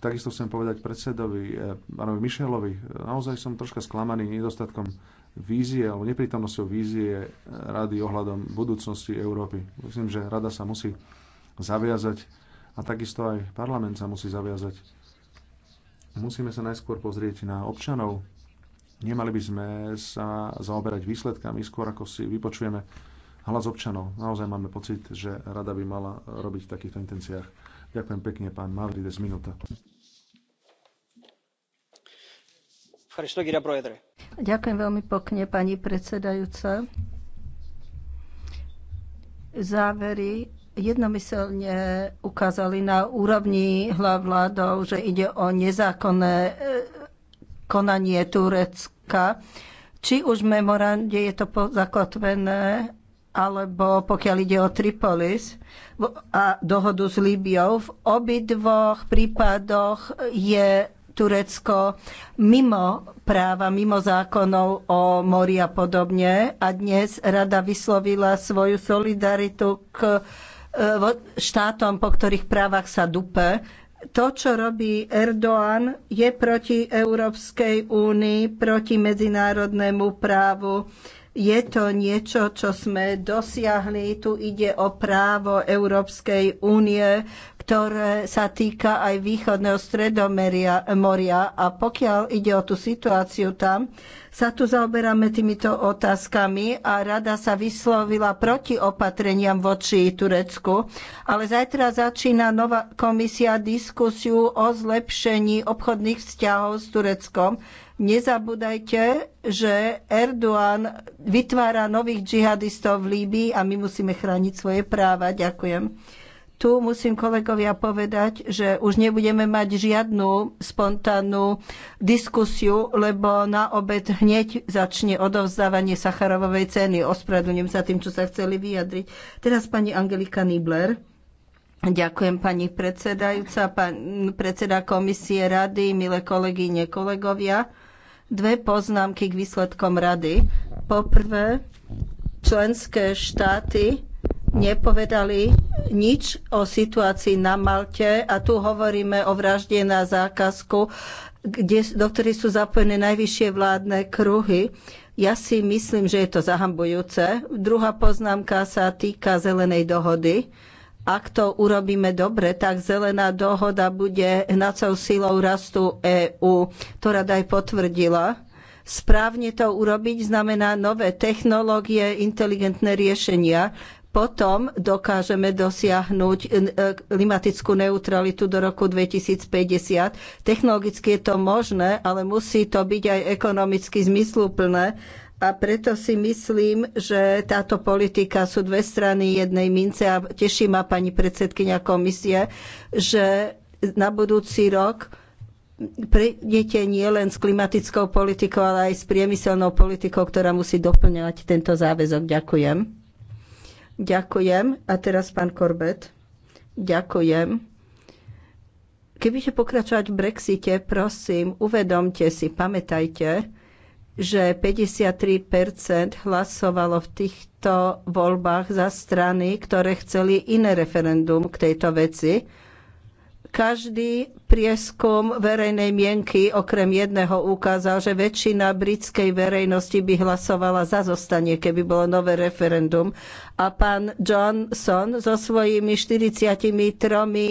Takisto chcem povedať predsedovi, e, pánovi Mišelovi, e, naozaj som troška sklamaný nedostatkom vízie alebo neprítomnosťou vízie rady ohľadom budúcnosti Európy. Myslím, že rada sa musí zaviazať a takisto aj parlament sa musí zaviazať. Musíme sa najskôr pozrieť na občanov. Nemali by sme sa zaoberať výsledkami, skôr ako si vypočujeme hlas občanov. Naozaj máme pocit, že rada by mala robiť v takýchto intenciách. Ďakujem pekne, pán Mavrides, minúta. Ďakujem veľmi pekne, pani predsedajúca. Závery jednomyselne ukázali na úrovni hlav vládov, že ide o nezákonné e, konanie Turecka. Či už v memorande je to zakotvené, alebo pokiaľ ide o Tripolis a dohodu s Líbiou, v obidvoch prípadoch je Turecko mimo práva, mimo zákonov o mori a podobne. A dnes rada vyslovila svoju solidaritu k štátom, po ktorých právach sa dupe. To, čo robí Erdoğan, je proti Európskej únii, proti medzinárodnému právu. Je to niečo, čo sme dosiahli. Tu ide o právo Európskej únie, ktoré sa týka aj východného stredomeria moria. A pokiaľ ide o tú situáciu tam, sa tu zaoberáme týmito otázkami a rada sa vyslovila proti opatreniam voči Turecku, ale zajtra začína nová komisia diskusiu o zlepšení obchodných vzťahov s Tureckom. Nezabúdajte, že Erdogan vytvára nových džihadistov v Líbii a my musíme chrániť svoje práva. Ďakujem. Tu musím kolegovia povedať, že už nebudeme mať žiadnu spontánnu diskusiu, lebo na obed hneď začne odovzdávanie Sacharovovej ceny. Ospravedlňujem sa tým, čo sa chceli vyjadriť. Teraz pani Angelika Nibler. Ďakujem pani predsedajúca, pán predseda komisie rady, milé kolegyne, kolegovia. Dve poznámky k výsledkom rady. Poprvé, členské štáty nepovedali nič o situácii na Malte a tu hovoríme o vražde na zákazku, kde, do ktorých sú zapojené najvyššie vládne kruhy. Ja si myslím, že je to zahambujúce. Druhá poznámka sa týka zelenej dohody. Ak to urobíme dobre, tak zelená dohoda bude hnacou silou rastu EÚ. To rada aj potvrdila. Správne to urobiť znamená nové technológie, inteligentné riešenia potom dokážeme dosiahnuť e, e, klimatickú neutralitu do roku 2050. Technologicky je to možné, ale musí to byť aj ekonomicky zmysluplné. A preto si myslím, že táto politika sú dve strany jednej mince a teší ma pani predsedkynia komisie, že na budúci rok prejdete len s klimatickou politikou, ale aj s priemyselnou politikou, ktorá musí doplňovať tento záväzok. Ďakujem. Ďakujem. A teraz pán Korbet. Ďakujem. Kebyže pokračovať v Brexite, prosím, uvedomte si, pamätajte, že 53% hlasovalo v týchto voľbách za strany, ktoré chceli iné referendum k tejto veci každý prieskum verejnej mienky okrem jedného ukázal, že väčšina britskej verejnosti by hlasovala za zostanie, keby bolo nové referendum. A pán Johnson so svojimi 43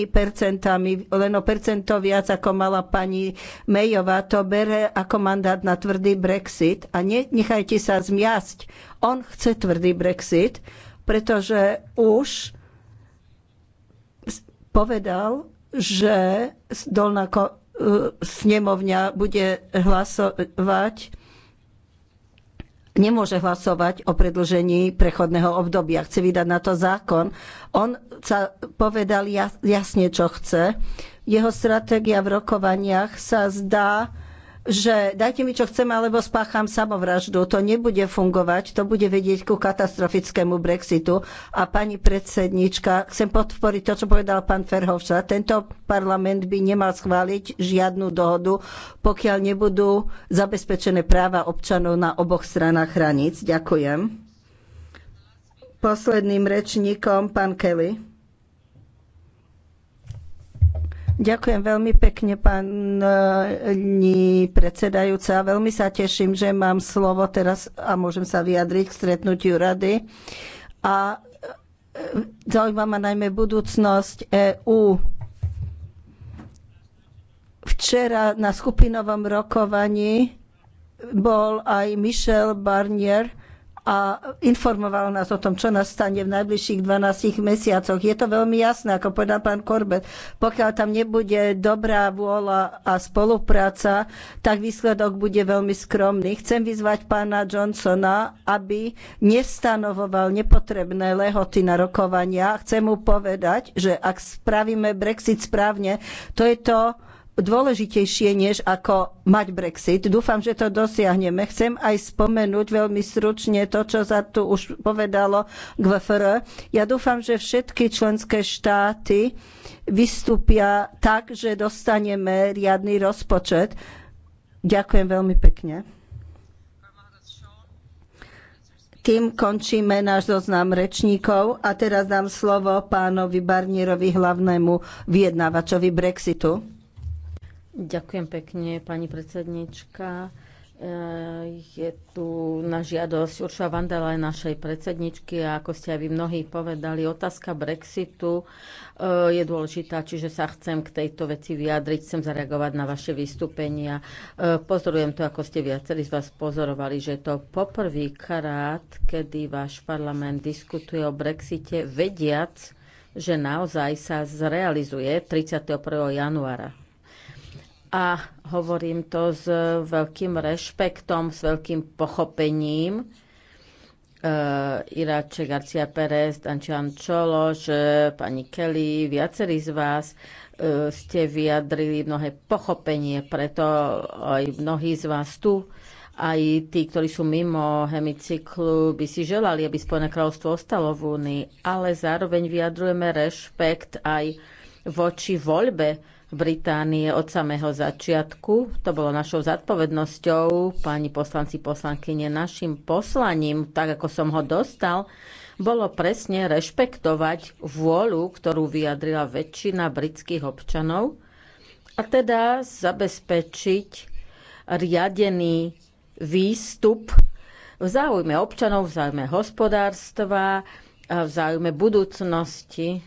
percentami, len o percento viac ako mala pani Mayová, to bere ako mandát na tvrdý Brexit. A nechajte sa zmiasť. On chce tvrdý Brexit, pretože už povedal, že dolná e, snemovňa bude hlasovať nemôže hlasovať o predlžení prechodného obdobia. Chce vydať na to zákon. On sa povedal jasne, čo chce. Jeho stratégia v rokovaniach sa zdá že dajte mi, čo chcem, alebo spácham samovraždu. To nebude fungovať, to bude vedieť ku katastrofickému Brexitu. A pani predsednička, chcem podporiť to, čo povedal pán Ferhovša. Tento parlament by nemal schváliť žiadnu dohodu, pokiaľ nebudú zabezpečené práva občanov na oboch stranách hraníc. Ďakujem. Posledným rečníkom pán Kelly. Ďakujem veľmi pekne, pani predsedajúca. Veľmi sa teším, že mám slovo teraz a môžem sa vyjadriť k stretnutiu rady. A e, zaujíma ma najmä budúcnosť EÚ. Včera na skupinovom rokovaní bol aj Michel Barnier, a informoval nás o tom, čo nás stane v najbližších 12 mesiacoch. Je to veľmi jasné, ako povedal pán Korbet. Pokiaľ tam nebude dobrá vôľa a spolupráca, tak výsledok bude veľmi skromný. Chcem vyzvať pána Johnsona, aby nestanovoval nepotrebné lehoty na rokovania. Chcem mu povedať, že ak spravíme Brexit správne, to je to, dôležitejšie, než ako mať Brexit. Dúfam, že to dosiahneme. Chcem aj spomenúť veľmi stručne to, čo sa tu už povedalo k VFR. Ja dúfam, že všetky členské štáty vystúpia tak, že dostaneme riadny rozpočet. Ďakujem veľmi pekne. Tým končíme náš zoznam rečníkov a teraz dám slovo pánovi Barnierovi, hlavnému vyjednávačovi Brexitu. Ďakujem pekne, pani predsednička. E, je tu na žiadosť Uršova Vandala aj našej predsedničky a ako ste aj vy mnohí povedali, otázka Brexitu e, je dôležitá, čiže sa chcem k tejto veci vyjadriť, chcem zareagovať na vaše vystúpenia. E, Pozorujem to, ako ste viacerí z vás pozorovali, že to poprvýkrát, kedy váš parlament diskutuje o Brexite, vediac, že naozaj sa zrealizuje 31. januára a hovorím to s veľkým rešpektom, s veľkým pochopením. Uh, e, Iráče Garcia Pérez, Dančian Čološ, e, pani Kelly, viacerí z vás uh, ste vyjadrili mnohé pochopenie, preto aj mnohí z vás tu, aj tí, ktorí sú mimo hemicyklu, by si želali, aby Spojené kráľovstvo ostalo v Únii, ale zároveň vyjadrujeme rešpekt aj voči voľbe Británie od samého začiatku. To bolo našou zadpovednosťou, pani poslanci, poslankyne, našim poslaním, tak ako som ho dostal, bolo presne rešpektovať vôľu, ktorú vyjadrila väčšina britských občanov a teda zabezpečiť riadený výstup v záujme občanov, v záujme hospodárstva, v záujme budúcnosti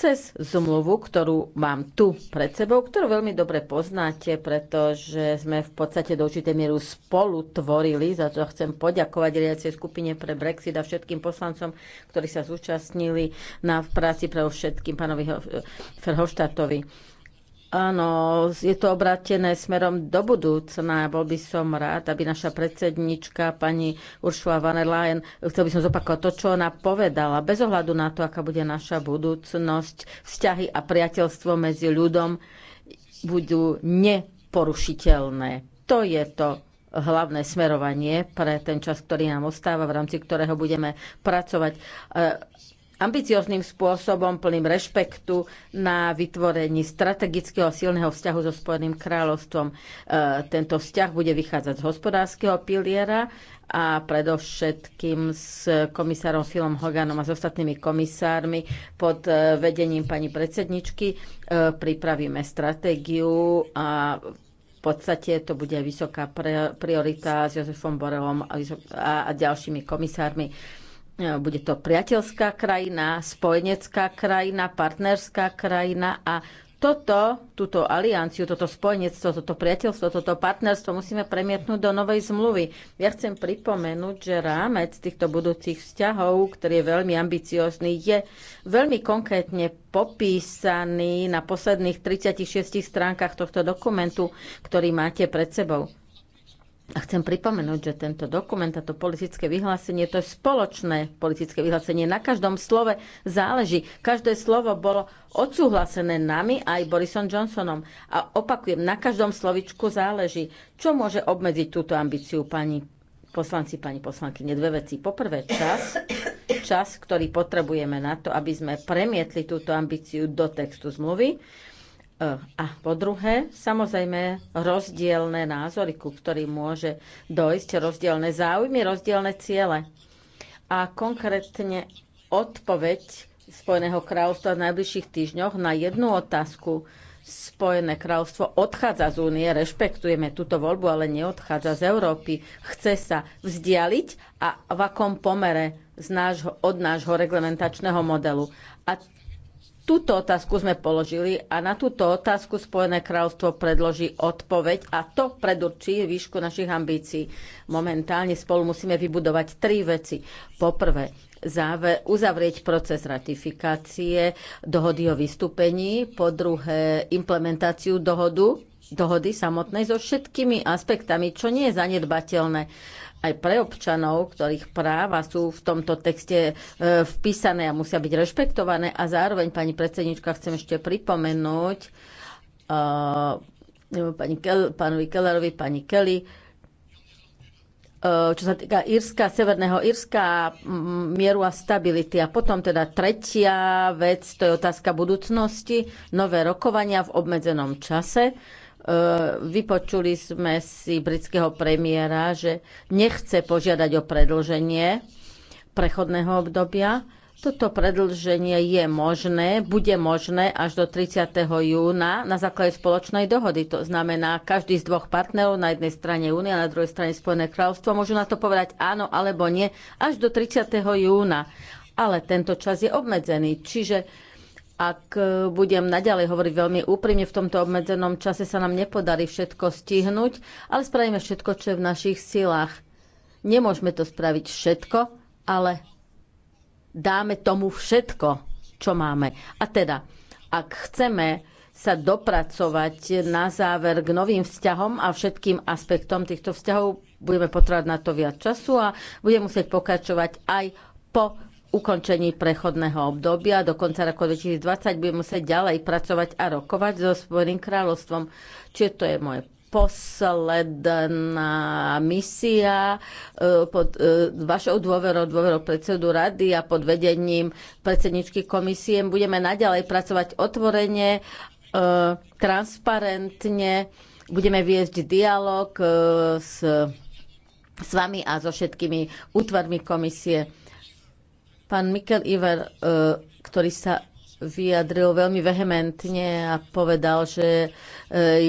cez zmluvu, ktorú mám tu pred sebou, ktorú veľmi dobre poznáte, pretože sme v podstate do určitej mieru spolu tvorili, za to chcem poďakovať riadiacej skupine pre Brexit a všetkým poslancom, ktorí sa zúčastnili na práci pre všetkým pánovi Ferhoštatovi Áno, je to obratené smerom do budúcna. Bol by som rád, aby naša predsednička, pani Uršula van der Leyen, chcel by som zopakovať to, čo ona povedala. Bez ohľadu na to, aká bude naša budúcnosť, vzťahy a priateľstvo medzi ľuďom budú neporušiteľné. To je to hlavné smerovanie pre ten čas, ktorý nám ostáva, v rámci ktorého budeme pracovať e, ambiciozným spôsobom, plným rešpektu na vytvorení strategického silného vzťahu so Spojeným kráľovstvom. E, tento vzťah bude vychádzať z hospodárskeho piliera a predovšetkým s komisárom Filom Hoganom a s ostatnými komisármi pod e, vedením pani predsedničky e, pripravíme stratégiu a v podstate to bude vysoká priorita s Jozefom Borelom a ďalšími komisármi bude to priateľská krajina, spojenecká krajina, partnerská krajina a toto, túto alianciu, toto spojenectvo, toto priateľstvo, toto partnerstvo musíme premietnúť do novej zmluvy. Ja chcem pripomenúť, že rámec týchto budúcich vzťahov, ktorý je veľmi ambiciózny, je veľmi konkrétne popísaný na posledných 36 stránkach tohto dokumentu, ktorý máte pred sebou. A chcem pripomenúť, že tento dokument, a to politické vyhlásenie, to je spoločné politické vyhlásenie. Na každom slove záleží. Každé slovo bolo odsúhlasené nami aj Borisom Johnsonom. A opakujem, na každom slovičku záleží. Čo môže obmedziť túto ambíciu pani poslanci, pani poslankyne? Dve veci. Poprvé, čas, čas, ktorý potrebujeme na to, aby sme premietli túto ambíciu do textu zmluvy. A po druhé, samozrejme, rozdielne názory, ku ktorým môže dojsť, rozdielne záujmy, rozdielne ciele. A konkrétne odpoveď Spojeného kráľovstva v najbližších týždňoch na jednu otázku. Spojené kráľovstvo odchádza z únie, rešpektujeme túto voľbu, ale neodchádza z Európy. Chce sa vzdialiť a v akom pomere z nášho, od nášho reglementačného modelu. A Túto otázku sme položili a na túto otázku Spojené kráľovstvo predloží odpoveď a to predurčí výšku našich ambícií. Momentálne spolu musíme vybudovať tri veci. Poprvé, záver, uzavrieť proces ratifikácie dohody o vystúpení, po druhé implementáciu dohodu dohody samotnej so všetkými aspektami, čo nie je zanedbateľné aj pre občanov, ktorých práva sú v tomto texte e, vpísané a musia byť rešpektované. A zároveň, pani predsednička, chcem ešte pripomenúť e, pani Kel, pánovi Kellerovi, pani Kelly, e, čo sa týka Írska, Severného Írska, mieru a stability. A potom teda tretia vec, to je otázka budúcnosti, nové rokovania v obmedzenom čase. E, vypočuli sme si britského premiéra, že nechce požiadať o predlženie prechodného obdobia. Toto predlženie je možné, bude možné až do 30. júna na základe spoločnej dohody. To znamená, každý z dvoch partnerov, na jednej strane Únia, na druhej strane Spojené kráľovstvo, môžu na to povedať áno alebo nie až do 30. júna. Ale tento čas je obmedzený, čiže ak e, budem naďalej hovoriť veľmi úprimne, v tomto obmedzenom čase sa nám nepodarí všetko stihnúť, ale spravíme všetko, čo je v našich silách. Nemôžeme to spraviť všetko, ale dáme tomu všetko, čo máme. A teda, ak chceme sa dopracovať na záver k novým vzťahom a všetkým aspektom týchto vzťahov, budeme potrebovať na to viac času a budeme musieť pokračovať aj po ukončení prechodného obdobia. Do konca roku 2020 budeme musieť ďalej pracovať a rokovať so Spojeným kráľovstvom. Čiže to je moje posledná misia e, pod e, vašou dôverou, dôverou predsedu rady a pod vedením predsedničky komisie. Budeme naďalej pracovať otvorene, e, transparentne, budeme viesť dialog s, s vami a so všetkými útvarmi komisie Pán Mikel Iver, e, ktorý sa vyjadril veľmi vehementne a povedal, že e,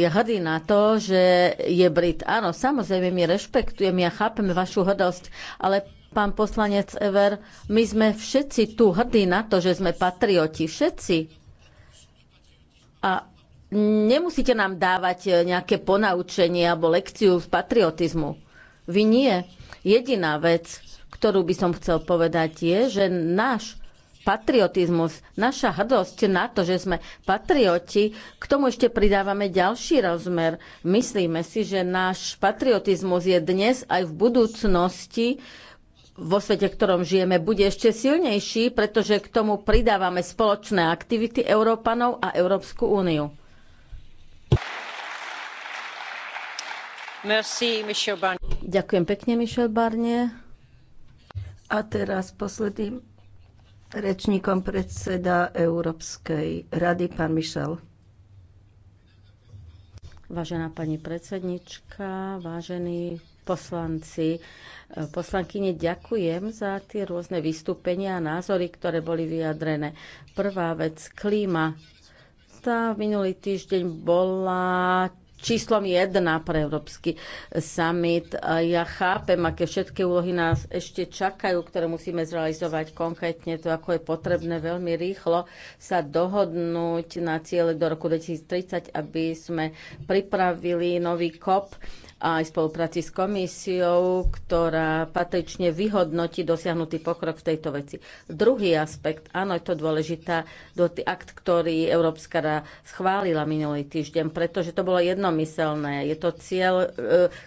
je hrdý na to, že je Brit. Áno, samozrejme, my rešpektujem, ja chápem vašu hrdosť, ale pán poslanec Ever, my sme všetci tu hrdí na to, že sme patrioti, všetci. A nemusíte nám dávať e, nejaké ponaučenie alebo lekciu z patriotizmu. Vy nie. Jediná vec, ktorú by som chcel povedať, je, že náš patriotizmus, naša hrdosť na to, že sme patrioti, k tomu ešte pridávame ďalší rozmer. Myslíme si, že náš patriotizmus je dnes aj v budúcnosti vo svete, v ktorom žijeme, bude ešte silnejší, pretože k tomu pridávame spoločné aktivity Európanov a Európsku úniu. Merci, Ďakujem pekne, Michel Barnier. A teraz posledným rečníkom predseda Európskej rady, pán Mišel. Vážená pani predsednička, vážení poslanci, eh, poslankyne, ďakujem za tie rôzne vystúpenia a názory, ktoré boli vyjadrené. Prvá vec, klíma. Tá minulý týždeň bola číslom jedna pre Európsky summit. Ja chápem, aké všetky úlohy nás ešte čakajú, ktoré musíme zrealizovať konkrétne, to ako je potrebné veľmi rýchlo sa dohodnúť na ciele do roku 2030, aby sme pripravili nový KOP aj spolupráci s komisiou, ktorá patrične vyhodnotí dosiahnutý pokrok v tejto veci. Druhý aspekt, áno, je to dôležitá, akt, ktorý Európska rada schválila minulý týždeň, pretože to bolo jednomyselné. Je to cieľ e,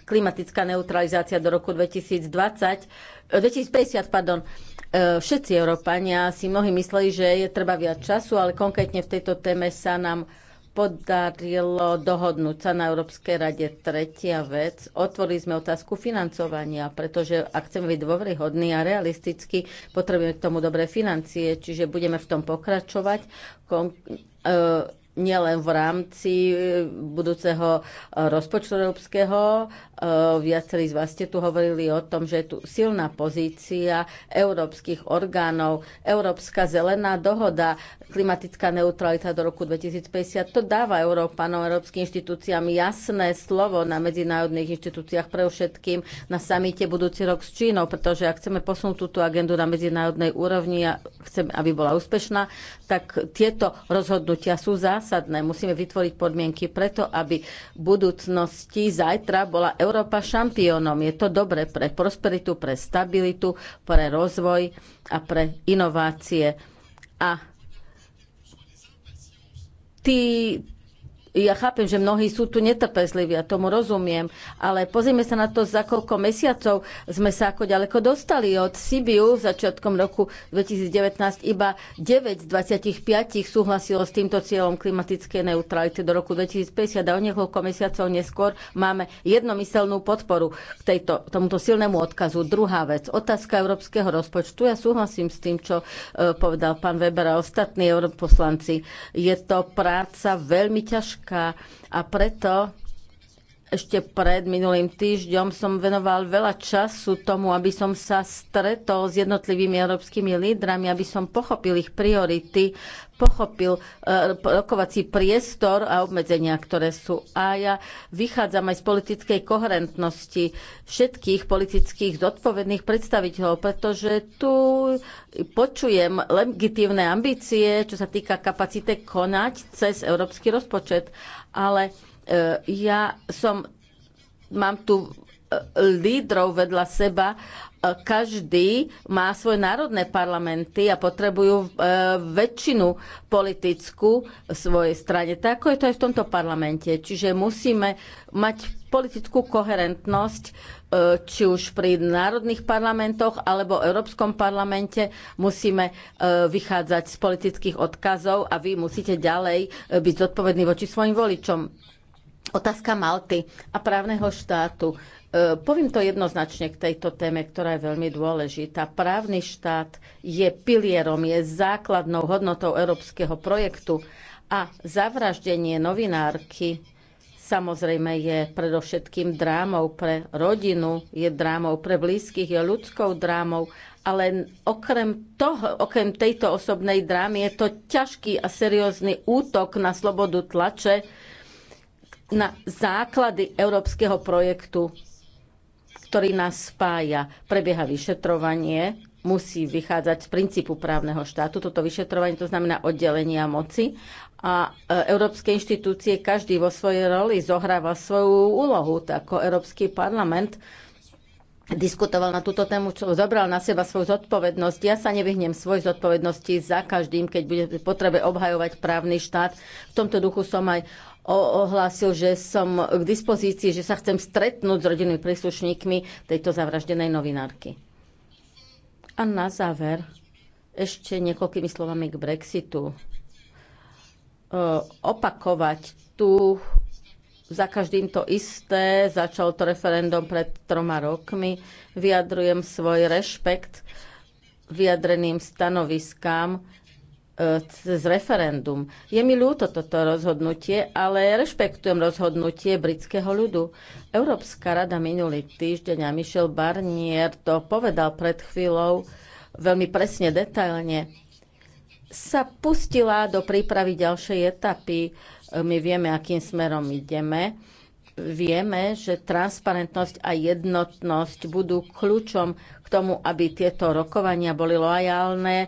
klimatická neutralizácia do roku 2020, 2050, e, pardon, e, všetci Európania si mnohí mysleli, že je treba viac času, ale konkrétne v tejto téme sa nám podarilo dohodnúť sa na Európskej rade. Tretia vec, otvorili sme otázku financovania, pretože ak chceme byť dôveryhodní a realisticky, potrebujeme k tomu dobré financie, čiže budeme v tom pokračovať. Kon- e nielen v rámci eh, budúceho eh, rozpočtu európskeho. Eh, viacerí z vás ste tu hovorili o tom, že je tu silná pozícia európskych orgánov, Európska zelená dohoda, klimatická neutralita do roku 2050. To dáva Európanom, európskym inštitúciám jasné slovo na medzinárodných inštitúciách pre všetkým na samite budúci rok s Čínou, pretože ak chceme posunúť túto agendu na medzinárodnej úrovni a chceme, aby bola úspešná, tak tieto rozhodnutia sú zás zásadné. Musíme vytvoriť podmienky preto, aby v budúcnosti zajtra bola Európa šampiónom. Je to dobre pre prosperitu, pre stabilitu, pre rozvoj a pre inovácie. A tí, ja chápem, že mnohí sú tu netrpezliví, ja tomu rozumiem, ale pozrieme sa na to, za koľko mesiacov sme sa ako ďaleko dostali. Od Sibiu začiatkom roku 2019 iba 9 z 25 súhlasilo s týmto cieľom klimatickej neutrality do roku 2050 a o niekoľko mesiacov neskôr máme jednomyselnú podporu k tejto, tomuto silnému odkazu. Druhá vec, otázka európskeho rozpočtu. Ja súhlasím s tým, čo e, povedal pán Weber a ostatní europoslanci. Je to práca veľmi ťažká a preto ešte pred minulým týždňom som venoval veľa času tomu, aby som sa stretol s jednotlivými európskymi lídrami, aby som pochopil ich priority, pochopil eh, rokovací priestor a obmedzenia, ktoré sú. A ja vychádzam aj z politickej koherentnosti všetkých politických zodpovedných predstaviteľov, pretože tu počujem legitívne ambície, čo sa týka kapacite konať cez európsky rozpočet, ale E, ja som, mám tu e, lídrov vedľa seba. E, každý má svoje národné parlamenty a potrebujú väčšinu politickú svojej strane. Tak je to aj v tomto parlamente. Čiže musíme mať politickú koherentnosť, či už pri národných parlamentoch alebo v Európskom parlamente. Musíme vychádzať z politických odkazov a vy musíte ďalej byť zodpovední voči svojim voličom Otázka Malty a právneho štátu. E, poviem to jednoznačne k tejto téme, ktorá je veľmi dôležitá. Právny štát je pilierom, je základnou hodnotou európskeho projektu a zavraždenie novinárky samozrejme je predovšetkým drámou pre rodinu, je drámou pre blízkych, je ľudskou drámou, ale okrem, toho, okrem tejto osobnej drámy je to ťažký a seriózny útok na slobodu tlače, na základy európskeho projektu, ktorý nás spája. Prebieha vyšetrovanie, musí vychádzať z princípu právneho štátu. Toto vyšetrovanie to znamená oddelenia moci a e, európske inštitúcie každý vo svojej roli zohráva svoju úlohu. Tak ako Európsky parlament diskutoval na túto tému, čo zobral na seba svoju zodpovednosť. Ja sa nevyhnem svoj zodpovednosti za každým, keď bude potrebe obhajovať právny štát. V tomto duchu som aj ohlásil, že som k dispozícii, že sa chcem stretnúť s rodinnými príslušníkmi tejto zavraždenej novinárky. A na záver ešte niekoľkými slovami k Brexitu. E, opakovať tu za každým to isté, začal to referendum pred troma rokmi, vyjadrujem svoj rešpekt vyjadreným stanoviskám E, cez referendum. Je mi ľúto toto rozhodnutie, ale rešpektujem rozhodnutie britského ľudu. Európska rada minulý týždeň a Michel Barnier to povedal pred chvíľou veľmi presne, detailne sa pustila do prípravy ďalšej etapy. E, my vieme, akým smerom ideme vieme, že transparentnosť a jednotnosť budú kľúčom k tomu, aby tieto rokovania boli loajálne, e,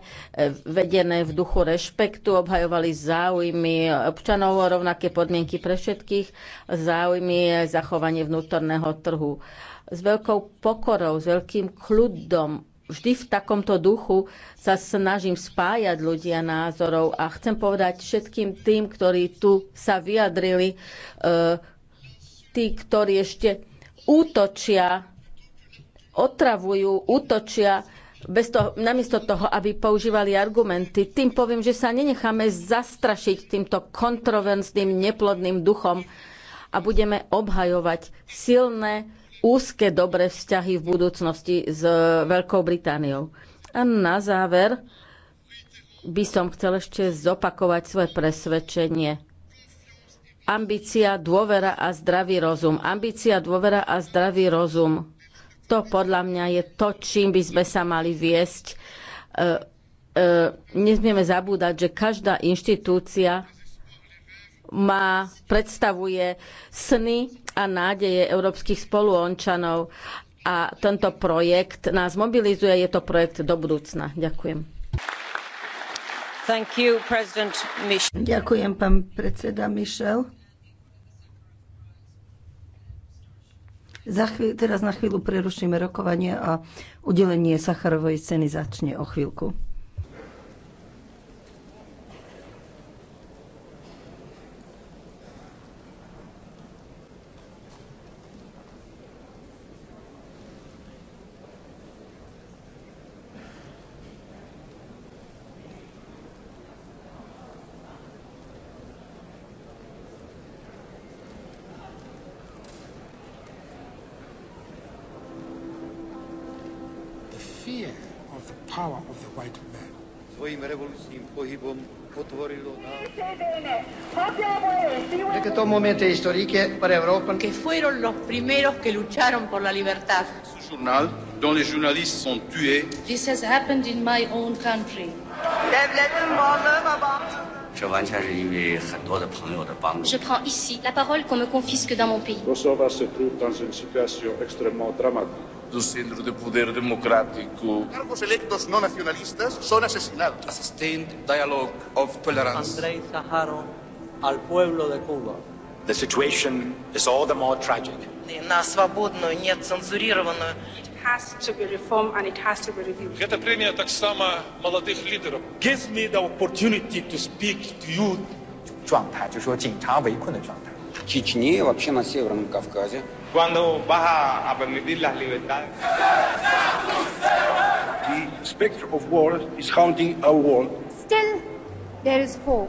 vedené v duchu rešpektu, obhajovali záujmy občanov, rovnaké podmienky pre všetkých, záujmy zachovanie vnútorného trhu. S veľkou pokorou, s veľkým kľudom vždy v takomto duchu sa snažím spájať ľudia názorov a chcem povedať všetkým tým, ktorí tu sa vyjadrili, e, tí, ktorí ešte útočia, otravujú, útočia, bez toho, namiesto toho, aby používali argumenty. Tým poviem, že sa nenecháme zastrašiť týmto kontroverzným, neplodným duchom a budeme obhajovať silné, úzke, dobré vzťahy v budúcnosti s Veľkou Britániou. A na záver by som chcel ešte zopakovať svoje presvedčenie ambícia, dôvera a zdravý rozum. Ambícia, dôvera a zdravý rozum. To podľa mňa je to, čím by sme sa mali viesť. E, e, nesmieme zabúdať, že každá inštitúcia má, predstavuje sny a nádeje európskych spoluončanov a tento projekt nás mobilizuje, je to projekt do budúcna. Ďakujem. You, ďakujem pán predseda michel Za chvíľ, teraz na chvíľu prerušíme rokovanie a udelenie Sacharovej ceny začne o chvíľku. momento histórico para Europa. Que fueron los primeros que lucharon por la libertad. Ce journal, donde los journalistes son tués. This has happened in my own country. Je prends ici la parole qu'on me confisque dans mon pays. Kosovo se trouve dans une situation extrêmement dramatique. do centro de poder democrático. Cargos electos no nacionalistas son asesinados. A sustained dialogue of tolerance. Andrei Saharo al pueblo de Cuba. The situation is all the more tragic. На свободную, нецензурированную. It has to be reformed and it has to be reviewed. Эта премия так само молодых лидеров. Gives me the opportunity to speak to you. 状态就是说警察围困的状态。Чечне, вообще на Северном Кавказе. Cuando vas a permitir las libertades. The specter of war is haunting our world. Still, there is hope.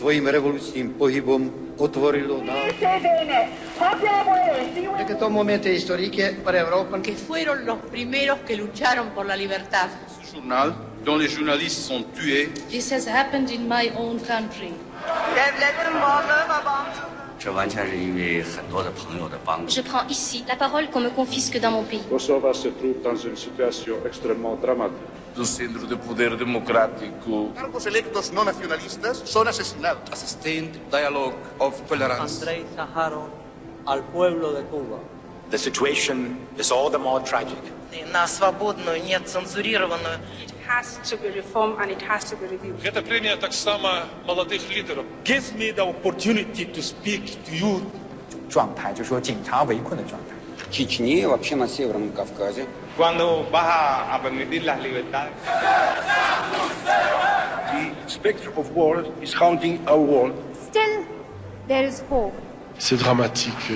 svojim revolučným pohybom otvorilo na... Také to momente momento pre para Europa. Que fueron los primeros que lucharon por la libertad. Ce journal, dont les journalistes sont tués. This has happened in my own country. Je prends ici la parole qu'on me confisque dans mon pays. Kosovo se trouve dans une situation extrêmement dramatique do Centro de Poder Democrático. Cargos electos não nacionalistas são assassinados. A sustained dialogue of tolerance. Andrei Saharov ao povo de Cuba. The situation is all the more tragic. На свободную, нет цензурированную. It has to be reformed and it has to be reviewed. Эта премия так само молодых лидеров. Gives me the opportunity to speak to you. 状态就是说警察围困的状态。Чечне и вообще на Северном Кавказе. The spectre of war is our world. Still, there is hope. C'est dramatique.